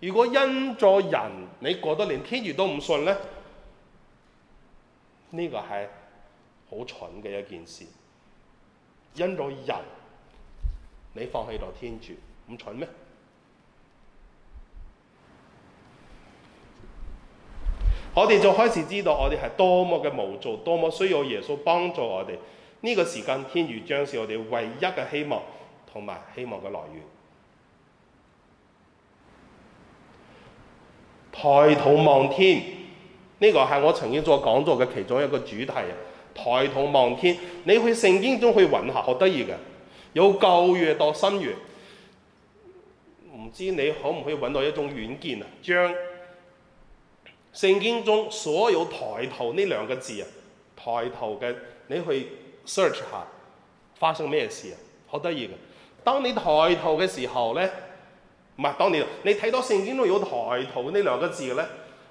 如果因咗人，你覺得連天主都唔信咧，呢、這個係好蠢嘅一件事。因咗人，你放棄咗天主，唔蠢咩？我哋就開始知道我哋係多麼嘅無助，多麼需要耶穌幫助我哋。呢、這個時間，天主將是我哋唯一嘅希望，同埋希望嘅來源。抬頭望天，呢、這個係我曾經做講座嘅其中一個主題。抬頭望天，你去聖經中去揾下，好得意嘅，有舊約到新約，唔知道你可唔可以揾到一種軟件啊？將聖經中所有抬頭呢兩個字啊，抬頭嘅你去 search 下發生咩事啊？好得意嘅，當你抬頭嘅時候咧，唔係當你，你睇到聖經中有抬頭呢兩個字嘅咧，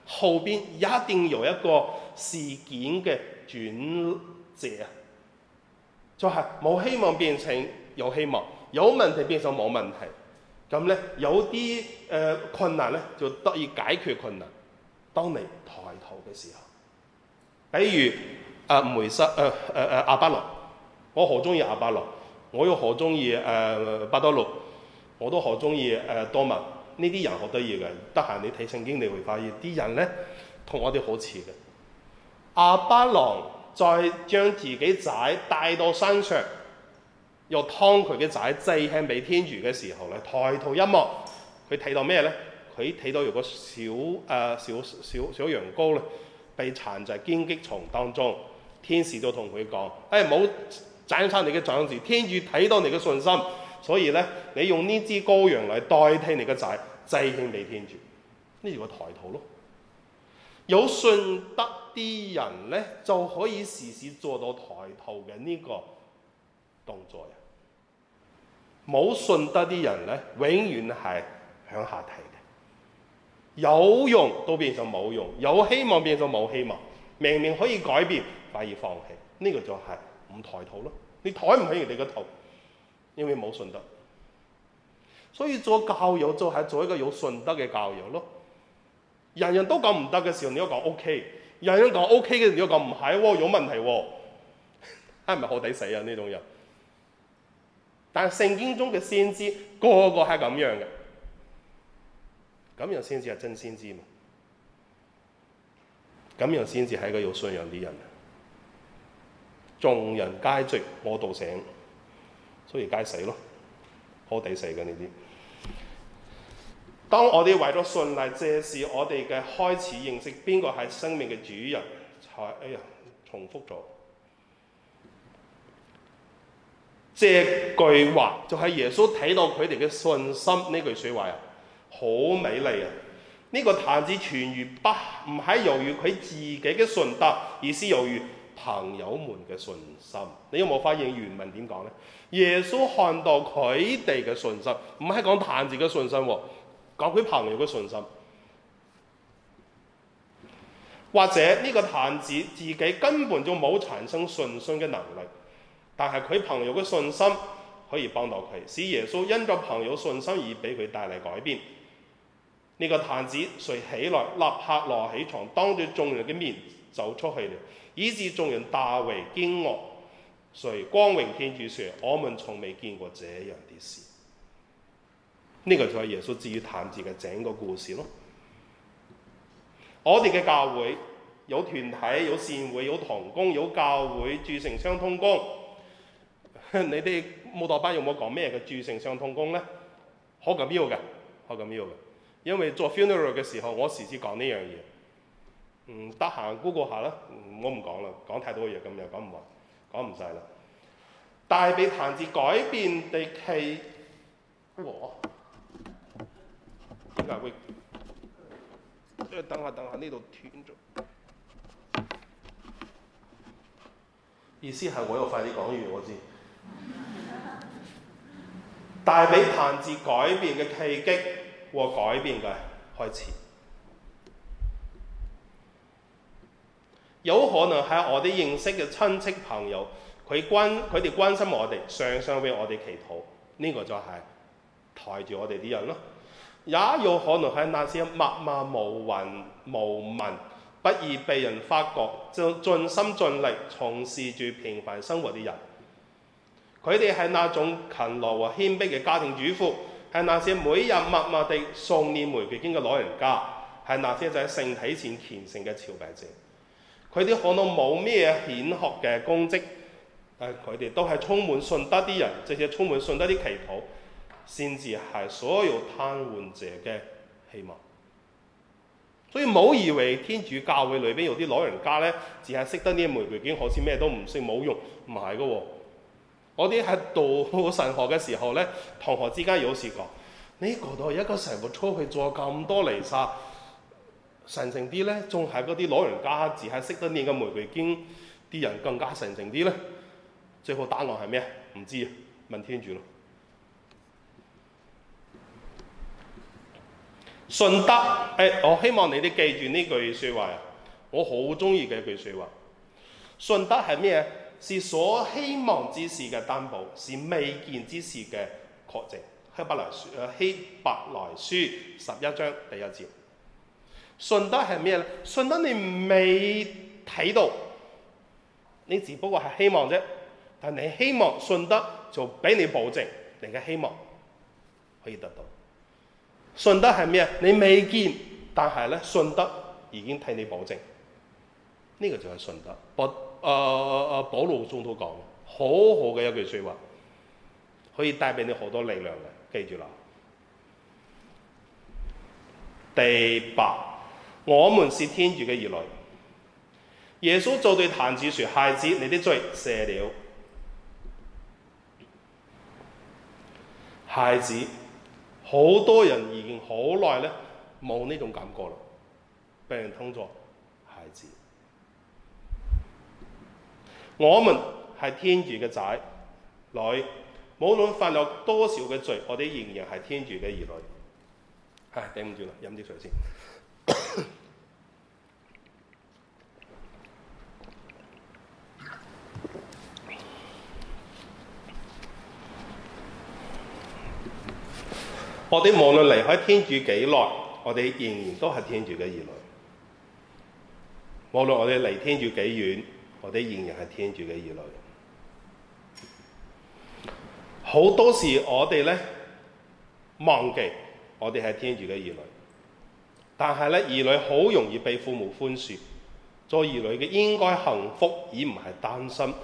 後邊一定有一個事件嘅轉折，啊！就係、是、冇希望變成有希望，有問題變成冇問題，咁咧有啲誒、呃、困難咧就得以解決困難。稍微抬頭嘅時候，比如阿、啊、梅瑟、啊啊啊、阿阿阿阿巴郎，我好中意阿巴郎，我又好中意誒巴多羅，我都好中意誒多默。呢啲人好得意嘅。得閒你睇聖經，你會發現啲人咧同我哋好似嘅。阿巴郎再將自己仔帶到山上，又劏佢嘅仔祭喺俾天主嘅時候咧，抬頭一望，佢睇到咩咧？佢睇到有個小誒、啊、小小小羊羔咧被殘，在係荊棘叢當中，天使都同佢講：誒唔好斬殺你嘅長子。」天主睇到你嘅信心，所以咧，你用呢支羔羊嚟代替你嘅仔，祭獻俾天主，呢個抬頭咯。有信德啲人咧，就可以時時做到抬頭嘅呢個動作啊！冇信德啲人咧，永遠係向下睇。有用都變成冇用，有希望變成冇希望，明明可以改變反而放棄，呢個就係唔抬頭咯。你抬唔起人哋個頭，因為冇信德。所以做教友就係做一個有信德嘅教友咯。人人都講唔得嘅時候，你要講 OK，人人都講 OK 嘅時候，你要講唔係喎，有問題喎，係咪好抵死啊？呢種人，但係聖經中嘅先知個個係咁樣嘅。咁樣先至係真先知嘛？咁樣先至係一個有信仰啲人。眾人皆醉，我獨醒，所以該死咯，好抵死嘅呢啲。當我哋為咗信賴，借是我哋嘅開始認識邊個係生命嘅主人才。哎呀，重複咗。借句話就係、是、耶穌睇到佢哋嘅信心呢句說話呀。好美麗啊！呢、這個癱子痊癒不唔喺由於佢自己嘅信德，而是由於朋友們嘅信心。你有冇發現原文點講呢？耶穌看到佢哋嘅信心，唔係講癱子嘅信心，講佢朋友嘅信心。或者呢、這個癱子自己根本就冇產生信心嘅能力，但係佢朋友嘅信心可以幫到佢，使耶穌因咗朋友信心而俾佢帶嚟改變。呢、這個癱子遂起來，立刻落起床，當住眾人嘅面走出去了，以致眾人大為驚愕。遂光榮天主說：我們從未見過這樣啲事。呢、這個就係耶穌治癒癱子嘅整個故事咯。我哋嘅教會有團體、有善會、有同工、有教會諸聖相通功。你哋舞蹈班有冇講咩嘅諸聖相通功咧？好緊要嘅，好緊要嘅。因為做 funeral 嘅時候，我時時講呢樣嘢。嗯，得閒 google 下啦。我唔講啦，講太多嘢咁又講唔完，講唔晒啦。大悲彈指改變地契和，點解會？要等下等下，呢度斷咗。意思係我要快啲講完，我知。大悲彈指改變嘅契機。和改變嘅開始，有可能係我哋認識嘅親戚朋友，佢關佢哋關心我哋，常常為我哋祈禱，呢個就係抬住我哋啲人咯。也有可能係那些默默無聞、無聞不易被人發覺，就盡心盡力從事住平凡生活啲人，佢哋係那種勤勞和謙卑嘅家庭主婦，係那些每日默默地送念玫瑰經嘅老人家，係那些喺聖體前虔誠嘅朝拜者，佢哋可能冇咩顯赫嘅功績，但係佢哋都係充滿信德啲人，即係充滿信德啲祈禱，先至係所有癱瘓者嘅希望。所以唔好以為天主教會裏邊有啲老人家咧，只係識得呢啲玫瑰經，好似咩都唔識冇用，唔係噶喎。我啲喺度神學嘅時候咧，同學之間有事講：呢個度一個神父出去做咁多彌撒，神聖啲咧，仲係嗰啲老人家只係識得念嘅玫瑰經啲人更加神聖啲咧。最好答案係咩啊？唔知啊，問天主咯。順德，誒、欸，我希望你哋記住呢句説話啊！我好中意嘅一句説話，順德係咩啊？是所希望之事嘅擔保，是未見之事嘅確證。希伯來書，誒，希伯來書十一章第一節。信德係咩咧？信德你未睇到，你只不過係希望啫。但你希望信德，就俾你保證你嘅希望可以得到。信德係咩？你未見，但係咧，信德已經替你保證。呢個就係信德。誒誒誒，保、啊、祿、啊、宗都講，好好嘅一句説話，可以帶俾你好多力量嘅，記住啦。第八，我們是天主嘅兒女。耶穌就對癱子説：孩子，你的罪赦了。孩子，好多人已經好耐咧，冇呢種感覺啦。病人通咗，孩子。我們係天主嘅仔女，無論犯了多少嘅罪，我哋仍然係天主嘅兒女。唉，頂唔住啦，飲啲水先。 我哋無論離開天主幾耐，我哋仍然都係天主嘅兒女。無論我哋離天主幾遠。我哋仍然係天主嘅兒女，好多時我哋咧忘記我哋係天主嘅兒女，但是呢，但係咧，兒女好容易被父母寬恕。做兒女嘅應該幸福，而唔係擔心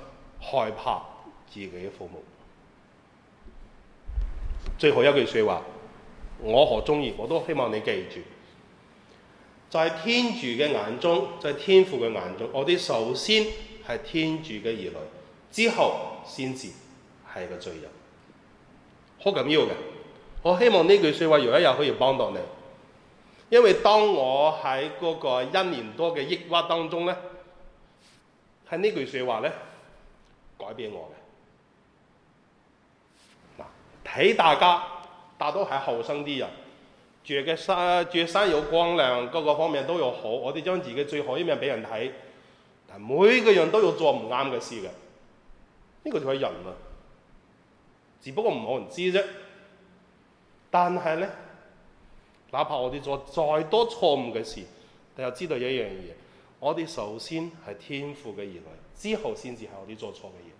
害怕自己嘅父母。最後一句説話，我好中意，我都希望你記住。在、就是、天主嘅眼中，在、就是、天父嘅眼中，我哋首先係天主嘅兒女，之後先至係個罪人。好緊要嘅，我希望呢句說話有一日可以幫到你。因為當我喺嗰個一年多嘅抑鬱當中咧，喺呢句說話咧，改變我嘅。嗱，睇大家大多係後生啲人。著嘅衫，著衫有光亮，各個方面都有好。我哋將自己最好一面俾人睇。但每個人都有做唔啱嘅事嘅，呢、這個就係人啦、啊。只不過唔冇人知啫。但係咧，哪怕我哋做再多錯誤嘅事，但又知道一樣嘢，我哋首先係天父嘅而來，之後先至係我哋做錯嘅嘢。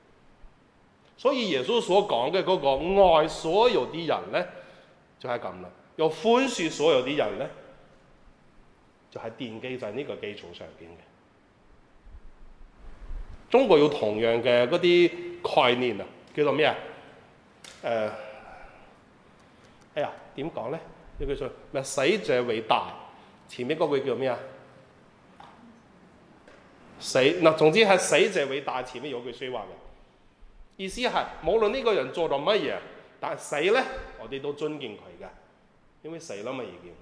所以耶穌所講嘅嗰個愛所有啲人咧，就係咁啦。要寬恕所有啲人呢，就係奠基在呢個基礎上面嘅。中國有同樣嘅嗰啲概念叫做咩呀、呃？哎呀，點講呢？要叫做咩？死者為大。前面嗰句叫咩呀？死嗱，總之係死者為大。前面有句說話嘅，意思係無論呢個人做咗乜嘢，但死呢，我哋都尊敬佢嘅。因為死啦嘛，已經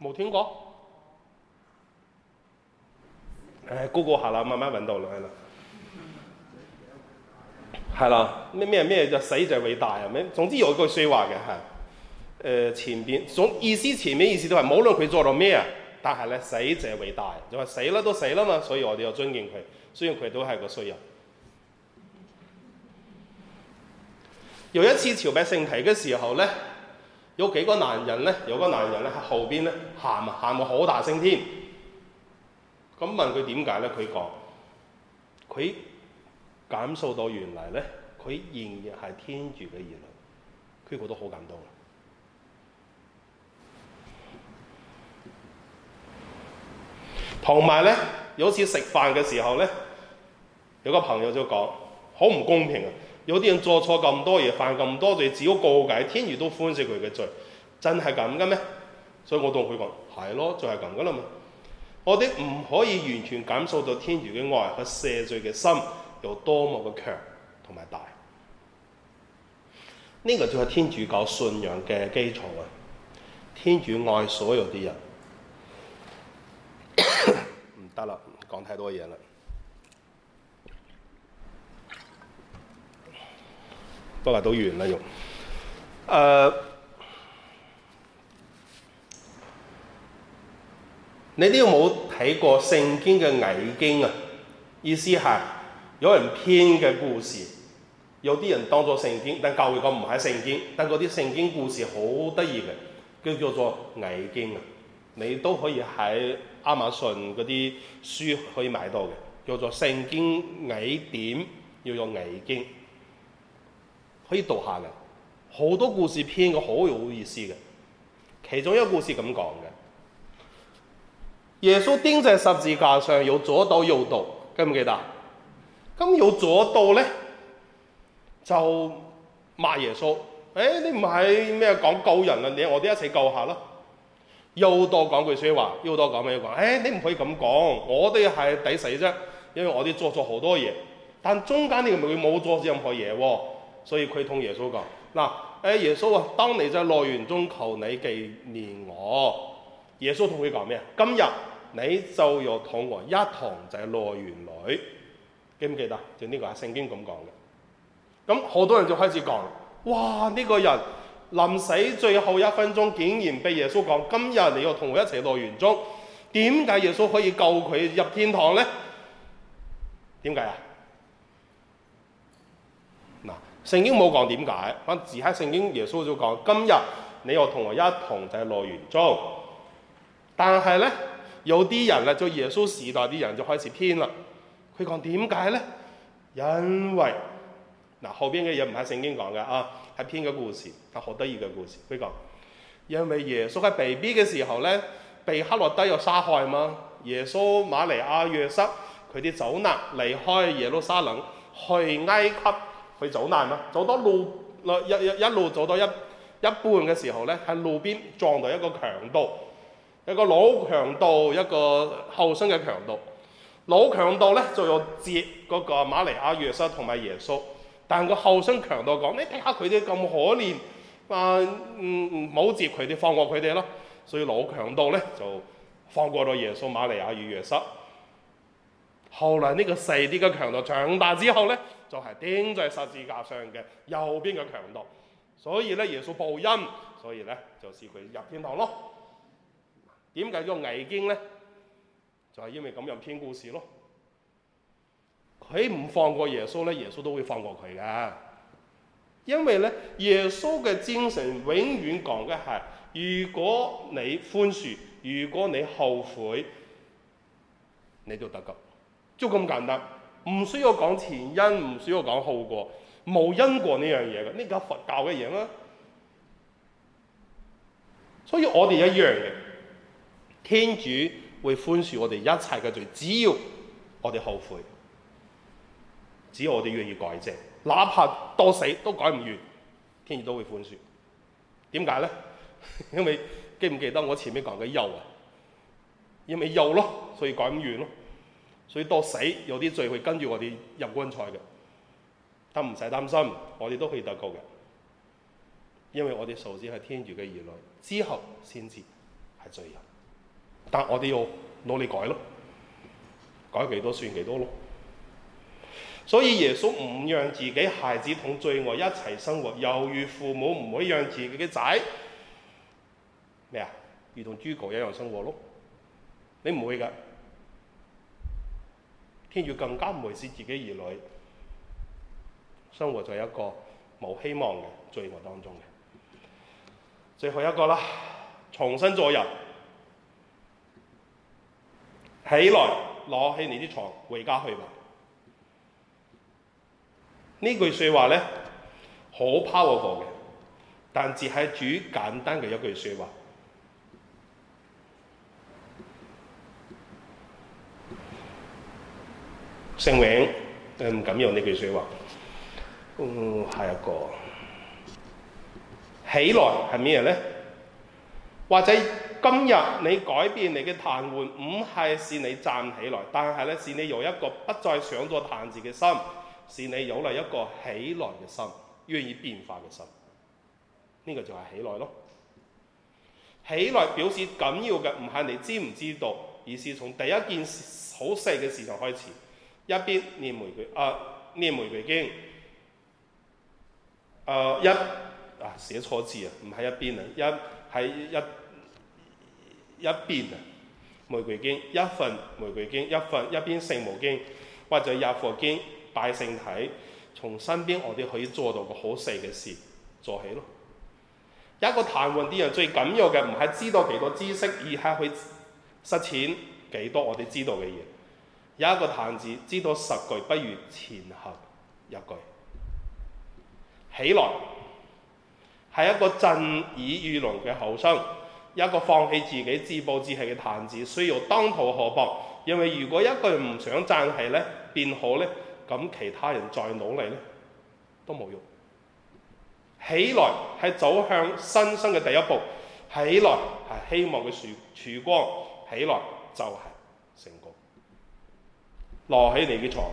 冇聽過。誒、哎，個個下啦，慢慢揾到啦，係啦，係 啦，咩咩咩就死者為大啊！咩，總之有一句説話嘅係，誒，前邊總意思，前面意思都係無論佢做咗咩啊，但係咧死者為大，就係、是、死啦都死啦嘛，所以我哋要尊敬佢。雖然佢都係個衰人。 有一次朝拜聖體嘅時候咧。有幾個男人呢，有個男人呢，喺後邊呢，喊啊，喊到好大聲添。咁問佢點解呢？佢講：佢感受到原來呢，佢仍然係天主嘅兒女。佢覺得好感動。同埋呢，有次食飯嘅時候呢，有個朋友就講：好唔公平啊！有啲人做錯咁多嘢，犯咁多罪，只要告解，天主都寬赦佢嘅罪，真係咁嘅咩？所以我同佢講，係咯，就係咁嘅啦嘛。我哋唔可以完全感受到天主嘅愛，佢赦罪嘅心有多麼嘅強同埋大。呢個就係天主教信仰嘅基礎啊！天主愛所有啲人，唔得啦，講太多嘢啦。不過都完啦，用。誒，你有冇睇過聖經嘅偽經啊？意思係有人編嘅故事，有啲人當作聖經，但教會講唔係聖經，但嗰啲聖經故事好得意嘅，叫叫做偽經啊！你都可以喺亞馬遜嗰啲書可以買到嘅，叫做聖經偽典，叫做偽經。可以讀下嘅，好多故事篇，個好有意思嘅。其中一個故事咁講嘅，耶穌釘在十字架上，有左盜右盜，記唔記得？咁有左盜咧，就罵耶穌，誒、哎、你唔係咩講救人啊？你我哋一齊救一下咯。又多講句説話，又多講咩？講、哎、誒你唔可以咁講，我哋係抵死啫，因為我哋做咗好多嘢，但中間你唔會冇做任何嘢喎。所以佢同耶穌講：嗱，誒，耶穌啊，當你在樂園中求你紀念我，耶穌同佢講咩啊？今日你就要同我一堂就係樂園裏，記唔記得就呢個啊，聖經咁講嘅。咁好多人就開始講：哇，呢、呢個人臨死最後一分鐘竟然俾耶穌講：今日你要同我一齊樂園中，點解耶穌可以救佢入天堂咧？點解啊？聖經冇講點解，可能只喺聖經耶穌就講：今日你又同我一同樂園，就係樂園中。」但係咧，有啲人啦，就耶穌時代啲人就開始編啦。佢講點解咧？因為嗱後邊嘅嘢唔係聖經講嘅啊，係編嘅故事，係好得意嘅故事。佢講因為耶穌喺 BB 嘅時候咧，被黑落德又殺害嘛。耶穌、馬利亞約瑟佢哋走難離開耶路撒冷去埃及。佢走難啦，走到路一一路走到一一半嘅時候咧，喺路邊撞到一個強盜，一個老強盜，一個後生嘅強盜。老強盜咧就要接嗰個馬利亞約瑟同埋耶穌，但係個後生強盜講：你睇下佢哋咁可憐，啊唔唔好接佢哋，放過佢哋咯。所以老強盜咧就放過咗耶穌馬利亞與約瑟。後來呢個細啲嘅強盜長大之後咧，就係、是、釘在十字架上嘅右邊嘅強盜，所以咧耶穌報恩，所以咧就使佢入天堂咯。點解叫偽經咧？就係、是、因為咁樣編故事咯。佢唔放過耶穌咧，耶穌都會放過佢噶。因為咧耶穌嘅精神永遠講嘅係：如果你寬恕，如果你後悔，你就得㗎。就咁簡單，唔需要講前因，唔需要講後果，冇因果呢樣嘢嘅，呢個佛教嘅嘢嗎？所以我哋一樣嘅，天主會寬恕我哋一切嘅罪，只要我哋後悔，只要我哋願意改正，哪怕到死都改唔完，天主都會寬恕。點解咧？ 因為記唔記得我前面講嘅「幼」啊？因為「幼」咯，所以改唔完咯。所以到死有啲罪會跟住我哋入棺材嘅，但唔使擔心，我哋都可以得救嘅，因為我哋首先係天主嘅兒女，之後先至係罪人，但我哋要努力改咯，改幾多算幾多咯。所以耶穌唔讓自己孩子同罪惡一齊生活，猶如父母唔會讓自己嘅仔咩啊，如同豬狗一樣生活咯，你唔會㗎。天主更加唔會使自己兒女生活在一個冇希望嘅罪惡當中嘅，最後一個啦，重新做人，起來攞起你啲床，回家去吧這呢。呢句説話咧好 powerful 嘅，但只係主簡單嘅一句説話。姓永，誒、嗯、唔敢用呢句説話。嗯，下一個起來係咩嘢呢？或者今日你改變你嘅癱瘓，唔係是你站起來，但係呢，是你有一個不再想咗癱子嘅心，是你有嚟一個起來嘅心，願意變化嘅心。呢、這個就係起來咯。起來表示緊要嘅唔係你知唔知道，而是從第一件事好細嘅事就開始。一邊念玫瑰，啊、呃、念玫瑰經，呃、一啊一啊寫錯字啊，唔係一邊啦，一係一一邊啊玫瑰經一份玫瑰經一份一邊聖母經或者日課經、拜聖體，從身邊我哋可以做到個好細嘅事做起咯。一個癱瘓嘅人最緊要嘅唔係知道幾多知識，而係去實踐幾多我哋知道嘅嘢。有一個癱子，知道十句不如前行一句。起來，係一個震耳欲聾嘅吼聲，一個放棄自己自暴自棄嘅癱子，需要當頭棒喝。因為如果一個人唔想站起呢，便好呢，咁其他人再努力呢，都冇用。起來係走向新生嘅第一步，起來係希望嘅曙光，起來就係、是。落起你嘅床，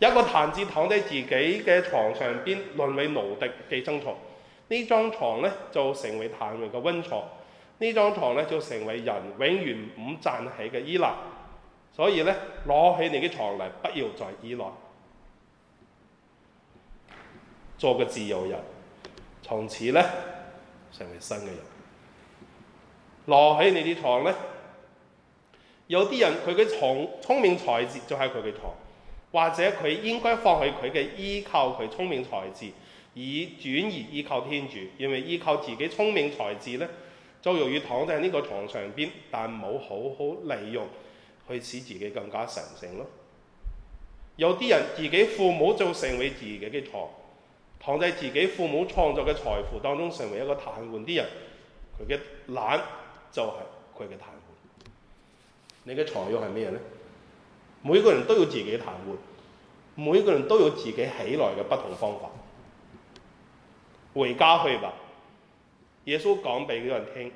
有一個癱子躺喺自己嘅床上邊，淪為奴隸寄生蟲。張床，呢張床咧，就成為癱人嘅溫床，張床，呢張床咧，就成為人永遠唔站起嘅依賴。所以咧，攞起你啲床嚟，不要再依賴，做個自由人，從此咧成為新嘅人。落起你啲床咧。有啲人佢嘅聰聰明才智就係佢嘅床，或者佢應該放棄佢嘅依靠，佢聰明才智，而轉而依靠天主，因為依靠自己聰明才智咧，就容易躺喺呢個床上邊，但冇好好利用去使自己更加神聖咯。有啲人自己父母就成為自己嘅床，躺喺自己父母創造嘅財富當中成為一個癱瘓啲人，佢嘅懶就係佢嘅你嘅材料係咩嘢咧？每個人都有自己癱瘓，每個人都有自己起來嘅不同方法。回家去吧，耶穌講俾嗰人聽，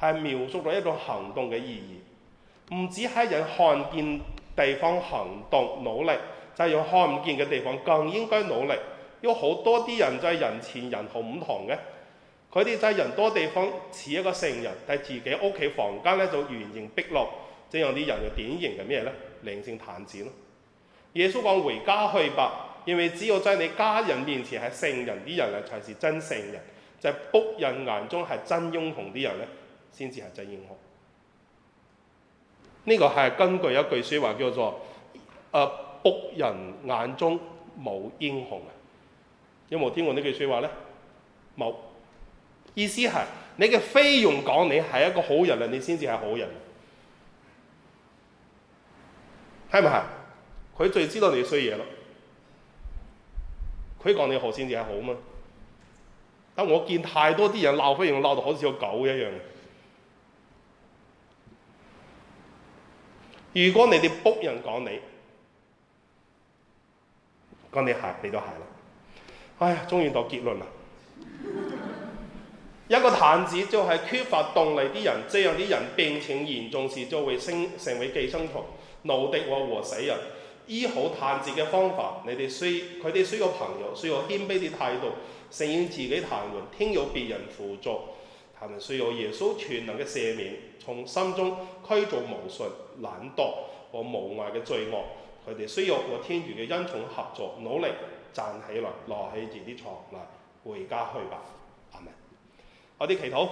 係描述咗一種行動嘅意義。唔止喺人看見地方行動努力，就係、是、用看唔見嘅地方更應該努力。有好多啲人就係人前人後唔同嘅。佢哋就係人多地方似一個聖人，但係自己屋企房間咧就圓形碧落，即有啲人嘅典型嘅咩咧？靈性癱子咯。耶穌講回家去吧，因為只有在你家人面前係聖人啲人啊，才是真聖人。就係、是、僕人眼中係真英雄啲人咧，先至係真英雄。呢、這個係根據一句説話叫做：誒僕人眼中冇英雄啊。有冇聽過這句話呢句説話咧？冇。意思係你嘅菲傭講你係一個好人啦，你先至係好人，係咪？係？佢最知道你衰嘢咯。佢講你好先至係好嘛？但我見太多啲人鬧菲傭鬧到好似個狗一樣。如果你哋僕人講你，講你鞋你都鞋啦。哎呀，終於到結論啦！ 一個癱子就係缺乏動力啲人，這樣啲人病情嚴重時就會升成為寄生蟲，奴役我和、和死人。醫好癱子嘅方法，你哋需佢哋需要朋友，需要謙卑啲態度，承認自己癱瘓，聽有別人輔助，需要耶穌全能嘅赦免，從心中驅逐、無信、懶惰和無愛嘅罪惡。佢哋需要和天主嘅恩寵合作，努力站起來，攞起自己的床來回家去吧。我啲祈禱，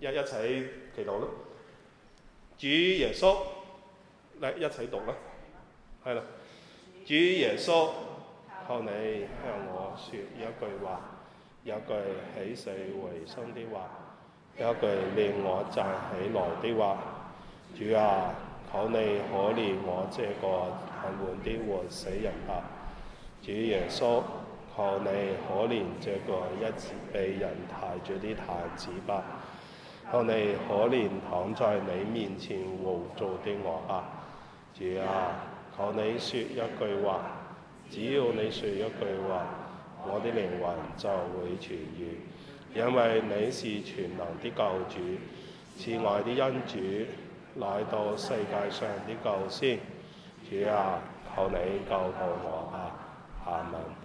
一一齊祈禱咯。主耶穌，嚟一齊讀啦。係啦，主耶穌，求你向我説一句話，有一句起死回生的話，有一句令我站起來的話。主啊，求你可憐我這個貧賤啲活死人啊！主耶穌。求你可憐這個一直被人抬住啲癱子吧！求你可憐躺在你面前無助的我吧。主啊，求你說一句話，只要你說一句話，我的靈魂就會痊癒，因為你是全能的救主，慈愛的恩主，來到世界上啲救先。主啊，求你救度我吧。下文。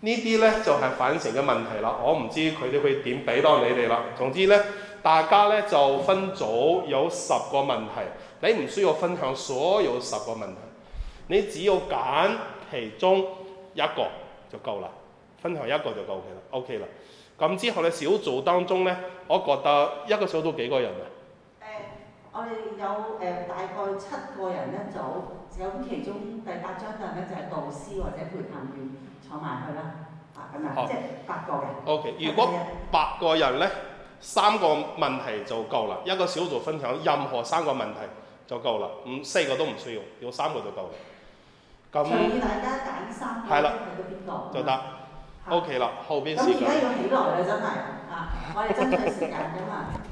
這些呢啲咧就係、是、反省嘅問題啦，我唔知佢哋會點俾到你哋啦。總之咧，大家咧就分組，有十個問題，你唔需要分享所有十個問題，你只要揀其中一個就夠啦，分享一個就夠嘅啦。OK 啦。咁之後咧，小組當中咧，我覺得一個小組幾個人啊？誒、呃，我哋有誒、呃、大概七個人一組，咁其中第八張凳人咧就係、是、導師或者陪談員。講埋佢啦，啊咁啊，即係八個嘅。O、okay, K，如果八個人咧，三個問題就夠啦。一個小組分享任何三個問題就夠啦，五四個都唔需要，有三個就夠啦。咁，隨便大家揀三個，去到邊度？就得。O K 啦，後邊。咁而家要起來啦，真係啊！我哋珍惜時間噶嘛。